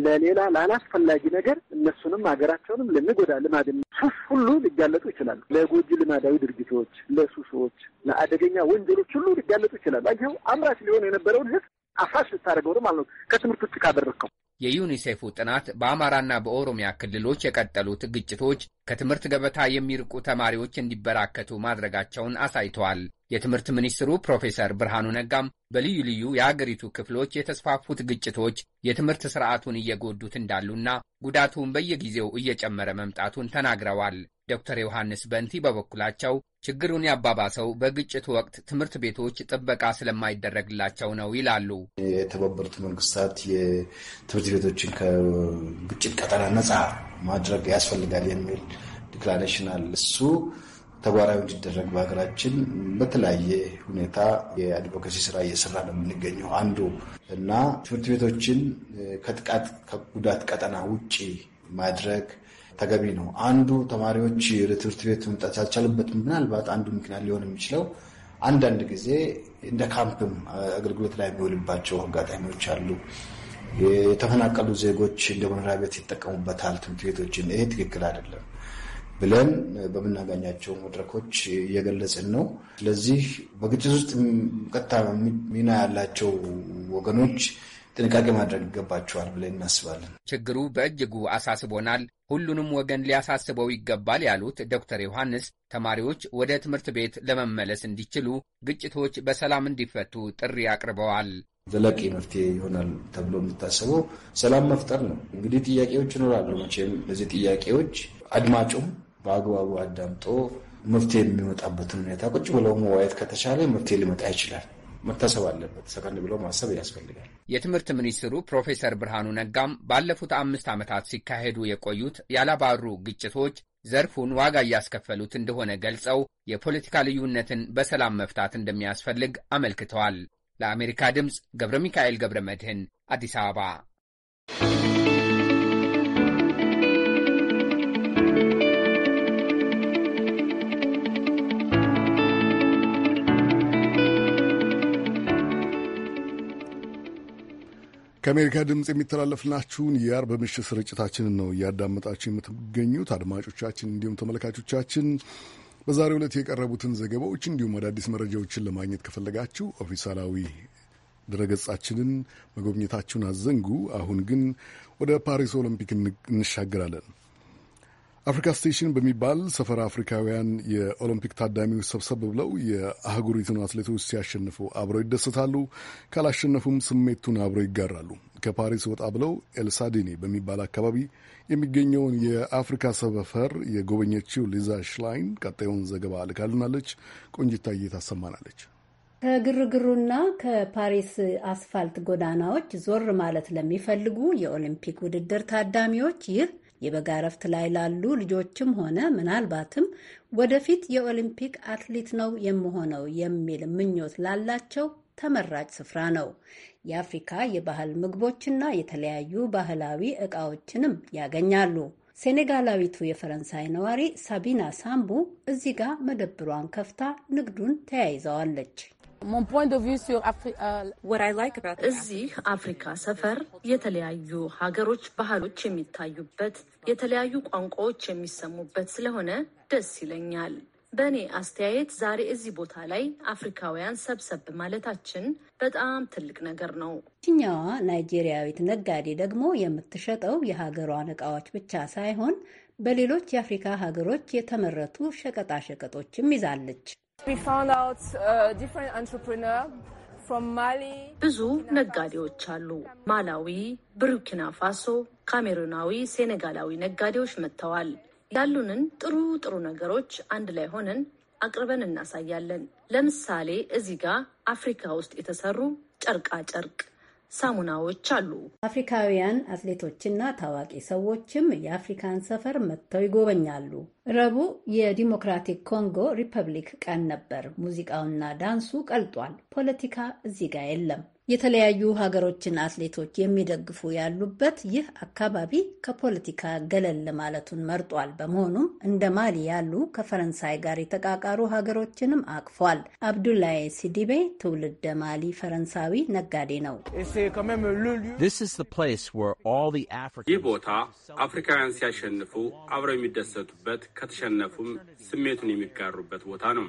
ለሌላ ላላስፈላጊ ነገር እነሱንም ሀገራቸውንም ለሚጎዳ ልማድ ሱስ ሁሉ ሊጋለጡ ይችላሉ። ለጎጂ ልማዳዊ ድርጊቶች፣ ለሱሶች፣ ለአደገኛ ወንጀሎች ሁሉ ሊጋለጡ ይችላሉ። አየኸው አምራች ሊሆን የነበረውን ህዝብ አሳሽ ልታደርገው ነው ማለት ነው ከትምህርት ውጭ ካደረግከው። የዩኒሴፉ ጥናት በአማራና በኦሮሚያ ክልሎች የቀጠሉት ግጭቶች ከትምህርት ገበታ የሚርቁ ተማሪዎች እንዲበራከቱ ማድረጋቸውን አሳይተዋል። የትምህርት ሚኒስትሩ ፕሮፌሰር ብርሃኑ ነጋም በልዩ ልዩ የአገሪቱ ክፍሎች የተስፋፉት ግጭቶች የትምህርት ስርዓቱን እየጎዱት እንዳሉና ጉዳቱን በየጊዜው እየጨመረ መምጣቱን ተናግረዋል። ዶክተር ዮሐንስ በንቲ በበኩላቸው ችግሩን ያባባሰው በግጭት ወቅት ትምህርት ቤቶች ጥበቃ ስለማይደረግላቸው ነው ይላሉ። የተባበሩት መንግስታት የትምህርት ቤቶችን ከግጭት ቀጠና ነፃ ማድረግ ያስፈልጋል የሚል ዲክላሬሽን አለ። እሱ ተግባራዊ እንዲደረግ በሀገራችን በተለያየ ሁኔታ የአድቮኬሲ ስራ እየሰራ ነው የምንገኘው አንዱ እና ትምህርት ቤቶችን ከጥቃት ከጉዳት ቀጠና ውጭ ማድረግ ተገቢ ነው። አንዱ ተማሪዎች ወደ ትምህርት ቤት መምጣት ያልቻሉበት ምናልባት አንዱ ምክንያት ሊሆን የሚችለው አንዳንድ ጊዜ እንደ ካምፕም አገልግሎት ላይ የሚውልባቸው አጋጣሚዎች አሉ። የተፈናቀሉ ዜጎች እንደ መኖሪያ ቤት ይጠቀሙበታል ትምህርት ቤቶችን። ይሄ ትክክል አይደለም ብለን በምናገኛቸው መድረኮች እየገለጽን ነው። ስለዚህ በግጭት ውስጥ ቀጥታ ሚና ያላቸው ወገኖች ጥንቃቄ ማድረግ ይገባቸዋል ብለን እናስባለን። ችግሩ በእጅጉ አሳስቦናል፣ ሁሉንም ወገን ሊያሳስበው ይገባል ያሉት ዶክተር ዮሐንስ ተማሪዎች ወደ ትምህርት ቤት ለመመለስ እንዲችሉ ግጭቶች በሰላም እንዲፈቱ ጥሪ አቅርበዋል። ዘላቂ መፍትሄ ይሆናል ተብሎ የሚታሰበው ሰላም መፍጠር ነው። እንግዲህ ጥያቄዎች ይኖራሉ። መቼም እነዚህ ጥያቄዎች አድማጩም በአግባቡ አዳምጦ መፍትሄ የሚመጣበትን ሁኔታ ቁጭ ብለው መዋየት ከተቻለ መፍትሄ ሊመጣ ይችላል። መታሰብ አለበት። ሰከንድ ብሎ ማሰብ ያስፈልጋል። የትምህርት ሚኒስትሩ ፕሮፌሰር ብርሃኑ ነጋም ባለፉት አምስት ዓመታት ሲካሄዱ የቆዩት ያላባሩ ግጭቶች ዘርፉን ዋጋ እያስከፈሉት እንደሆነ ገልጸው የፖለቲካ ልዩነትን በሰላም መፍታት እንደሚያስፈልግ አመልክተዋል። ለአሜሪካ ድምፅ ገብረ ሚካኤል ገብረ መድህን አዲስ አበባ ከአሜሪካ ድምፅ የሚተላለፍላችሁን የአርብ ምሽት ስርጭታችንን ነው እያዳመጣችሁ የምትገኙት አድማጮቻችን፣ እንዲሁም ተመልካቾቻችን። በዛሬ ዕለት የቀረቡትን ዘገባዎች እንዲሁም አዳዲስ መረጃዎችን ለማግኘት ከፈለጋችሁ ኦፊሳላዊ ድረገጻችንን መጎብኘታችሁን አዘንጉ። አሁን ግን ወደ ፓሪስ ኦሎምፒክ እንሻገራለን። አፍሪካ ስቴሽን በሚባል ሰፈር አፍሪካውያን የኦሎምፒክ ታዳሚዎች ሰብሰብ ብለው የአህጉሪቱን አትሌቶች ሲያሸንፉ አብረው ይደሰታሉ፣ ካላሸነፉም ስሜቱን አብረው ይጋራሉ። ከፓሪስ ወጣ ብለው ኤልሳዲኒ በሚባል አካባቢ የሚገኘውን የአፍሪካ ሰፈር የጎበኘችው ሊዛ ሽላይን ቀጣዩን ዘገባ ልካልናለች። ቆንጂታዬ ታሰማናለች። ከግርግሩና ከፓሪስ አስፋልት ጎዳናዎች ዞር ማለት ለሚፈልጉ የኦሊምፒክ ውድድር ታዳሚዎች ይህ የበጋ እረፍት ላይ ላሉ ልጆችም ሆነ ምናልባትም ወደፊት የኦሊምፒክ አትሌት ነው የምሆነው የሚል ምኞት ላላቸው ተመራጭ ስፍራ ነው። የአፍሪካ የባህል ምግቦችና የተለያዩ ባህላዊ እቃዎችንም ያገኛሉ። ሴኔጋላዊቱ የፈረንሳይ ነዋሪ ሳቢና ሳምቡ እዚህ ጋር መደብሯን ከፍታ ንግዱን ተያይዘዋለች። Euh, እዚህ አፍሪካ ሰፈር የተለያዩ ሀገሮች ባህሎች የሚታዩበት የተለያዩ ቋንቋዎች የሚሰሙበት ስለሆነ ደስ ይለኛል። በእኔ አስተያየት ዛሬ እዚህ ቦታ ላይ አፍሪካውያን ሰብሰብ ማለታችን በጣም ትልቅ ነገር ነው። ይችኛዋ ናይጄሪያዊት ነጋዴ ደግሞ የምትሸጠው የሀገሯን እቃዎች ብቻ ሳይሆን በሌሎች የአፍሪካ ሀገሮች የተመረቱ ሸቀጣሸቀጦችም ይዛለች። Uh, ብዙ ነጋዴዎች አሉ። ማላዊ፣ ቡርኪና ፋሶ፣ ካሜሩናዊ፣ ሴኔጋላዊ ነጋዴዎች መጥተዋል። ያሉንን ጥሩ ጥሩ ነገሮች አንድ ላይ ሆነን አቅርበን እናሳያለን። ለምሳሌ እዚህ ጋር አፍሪካ ውስጥ የተሰሩ ጨርቃ ጨርቅ ሳሙናዎች አሉ። አፍሪካውያን አትሌቶችና ታዋቂ ሰዎችም የአፍሪካን ሰፈር መጥተው ይጎበኛሉ። ረቡዕ የዲሞክራቲክ ኮንጎ ሪፐብሊክ ቀን ነበር። ሙዚቃውና ዳንሱ ቀልጧል። ፖለቲካ እዚህ ጋር የለም። የተለያዩ ሀገሮችን አትሌቶች የሚደግፉ ያሉበት ይህ አካባቢ ከፖለቲካ ገለል ማለቱን መርጧል። በመሆኑም እንደ ማሊ ያሉ ከፈረንሳይ ጋር የተቃቃሩ ሀገሮችንም አቅፏል። አብዱላይ ሲዲቤ ትውልደ ማሊ ፈረንሳዊ ነጋዴ ነው። ይህ ቦታ አፍሪካውያን ሲያሸንፉ አብረው የሚደሰቱበት፣ ከተሸነፉም ስሜቱን የሚጋሩበት ቦታ ነው።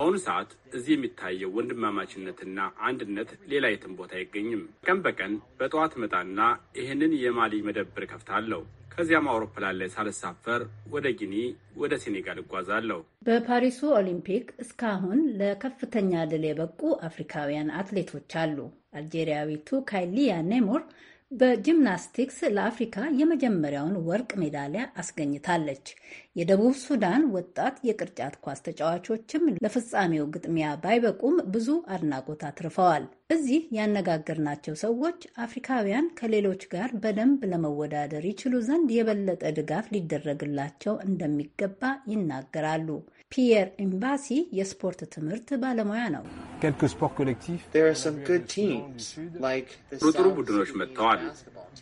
በአሁኑ ሰዓት እዚህ የሚታየው ወንድማማችነትና አንድነት ሌላ የትም ቦታ አይገኝም። ቀን በቀን በጠዋት መጣና ይህንን የማሊ መደብር ከፍታለሁ። ከዚያም አውሮፕላን ላይ ሳልሳፈር ወደ ጊኒ፣ ወደ ሴኔጋል እጓዛለሁ። በፓሪሱ ኦሊምፒክ እስካሁን ለከፍተኛ ድል የበቁ አፍሪካውያን አትሌቶች አሉ። አልጄሪያዊቱ ካይሊያ ኔሞር በጂምናስቲክስ ለአፍሪካ የመጀመሪያውን ወርቅ ሜዳሊያ አስገኝታለች። የደቡብ ሱዳን ወጣት የቅርጫት ኳስ ተጫዋቾችም ለፍጻሜው ግጥሚያ ባይበቁም ብዙ አድናቆት አትርፈዋል። እዚህ ያነጋገርናቸው ሰዎች አፍሪካውያን ከሌሎች ጋር በደንብ ለመወዳደር ይችሉ ዘንድ የበለጠ ድጋፍ ሊደረግላቸው እንደሚገባ ይናገራሉ። ፒየር ኤምባሲ የስፖርት ትምህርት ባለሙያ ነው። ጥሩ ጥሩ ቡድኖች መጥተዋል።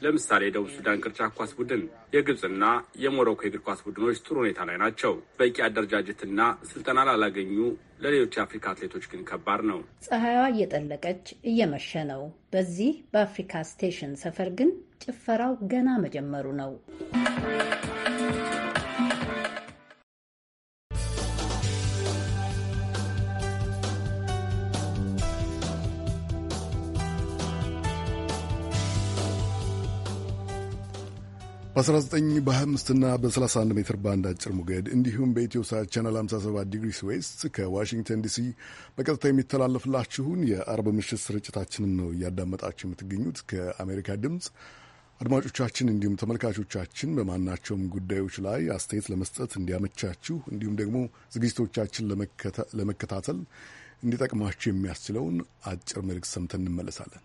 ለምሳሌ የደቡብ ሱዳን ቅርጫት ኳስ ቡድን፣ የግብፅና የሞሮኮ የእግር ኳስ ቡድኖች ጥሩ ሁኔታ ላይ ናቸው። በቂ አደረጃጀትና ስልጠና ላላገኙ ለሌሎች የአፍሪካ አትሌቶች ግን ከባድ ነው። ፀሐይዋ እየጠለቀች እየመሸ ነው። በዚህ በአፍሪካ ስቴሽን ሰፈር ግን ጭፈራው ገና መጀመሩ ነው። በ19 በ25 እና በ31 ሜትር ባንድ አጭር ሞገድ እንዲሁም ሳት ቻናል 57 ዲግሪስ ዌስት ከዋሽንግተን ዲሲ በቀጥታ የሚተላለፍላችሁን የአርብ ምሽት ስርጭታችንን ነው እያዳመጣችሁ የምትገኙት። ከአሜሪካ ድምፅ አድማጮቻችን እንዲሁም ተመልካቾቻችን በማናቸውም ጉዳዮች ላይ አስተያየት ለመስጠት እንዲያመቻችሁ እንዲሁም ደግሞ ዝግጅቶቻችን ለመከታተል እንዲጠቅማችሁ የሚያስችለውን አጭር መልእክት ሰምተን እንመለሳለን።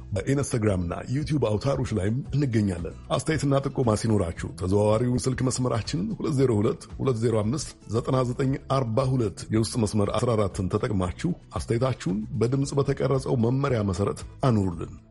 በኢንስታግራምና ዩቲዩብ አውታሮች ላይም እንገኛለን። አስተያየትና ጥቆማ ሲኖራችሁ ተዘዋዋሪውን ስልክ መስመራችን 2022059942 የውስጥ መስመር 14ን ተጠቅማችሁ አስተያየታችሁን በድምፅ በተቀረጸው መመሪያ መሰረት አኑሩልን።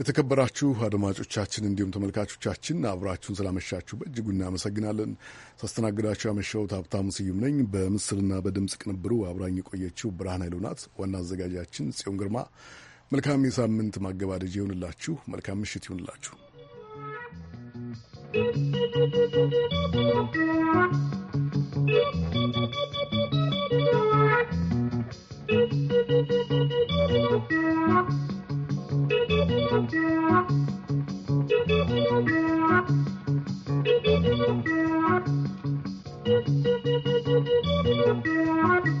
የተከበራችሁ አድማጮቻችን እንዲሁም ተመልካቾቻችን አብራችሁን ስላመሻችሁ በእጅጉ እናመሰግናለን። ሳስተናግዳችሁ ያመሻውት ሀብታሙ ስዩም ነኝ። በምስልና በድምፅ ቅንብሩ አብራኝ የቆየችው ብርሃን ኃይሉ ናት። ዋና አዘጋጃችን ጽዮን ግርማ። መልካም የሳምንት ማገባደጅ ይሆንላችሁ። መልካም ምሽት ይሆንላችሁ። Thank you.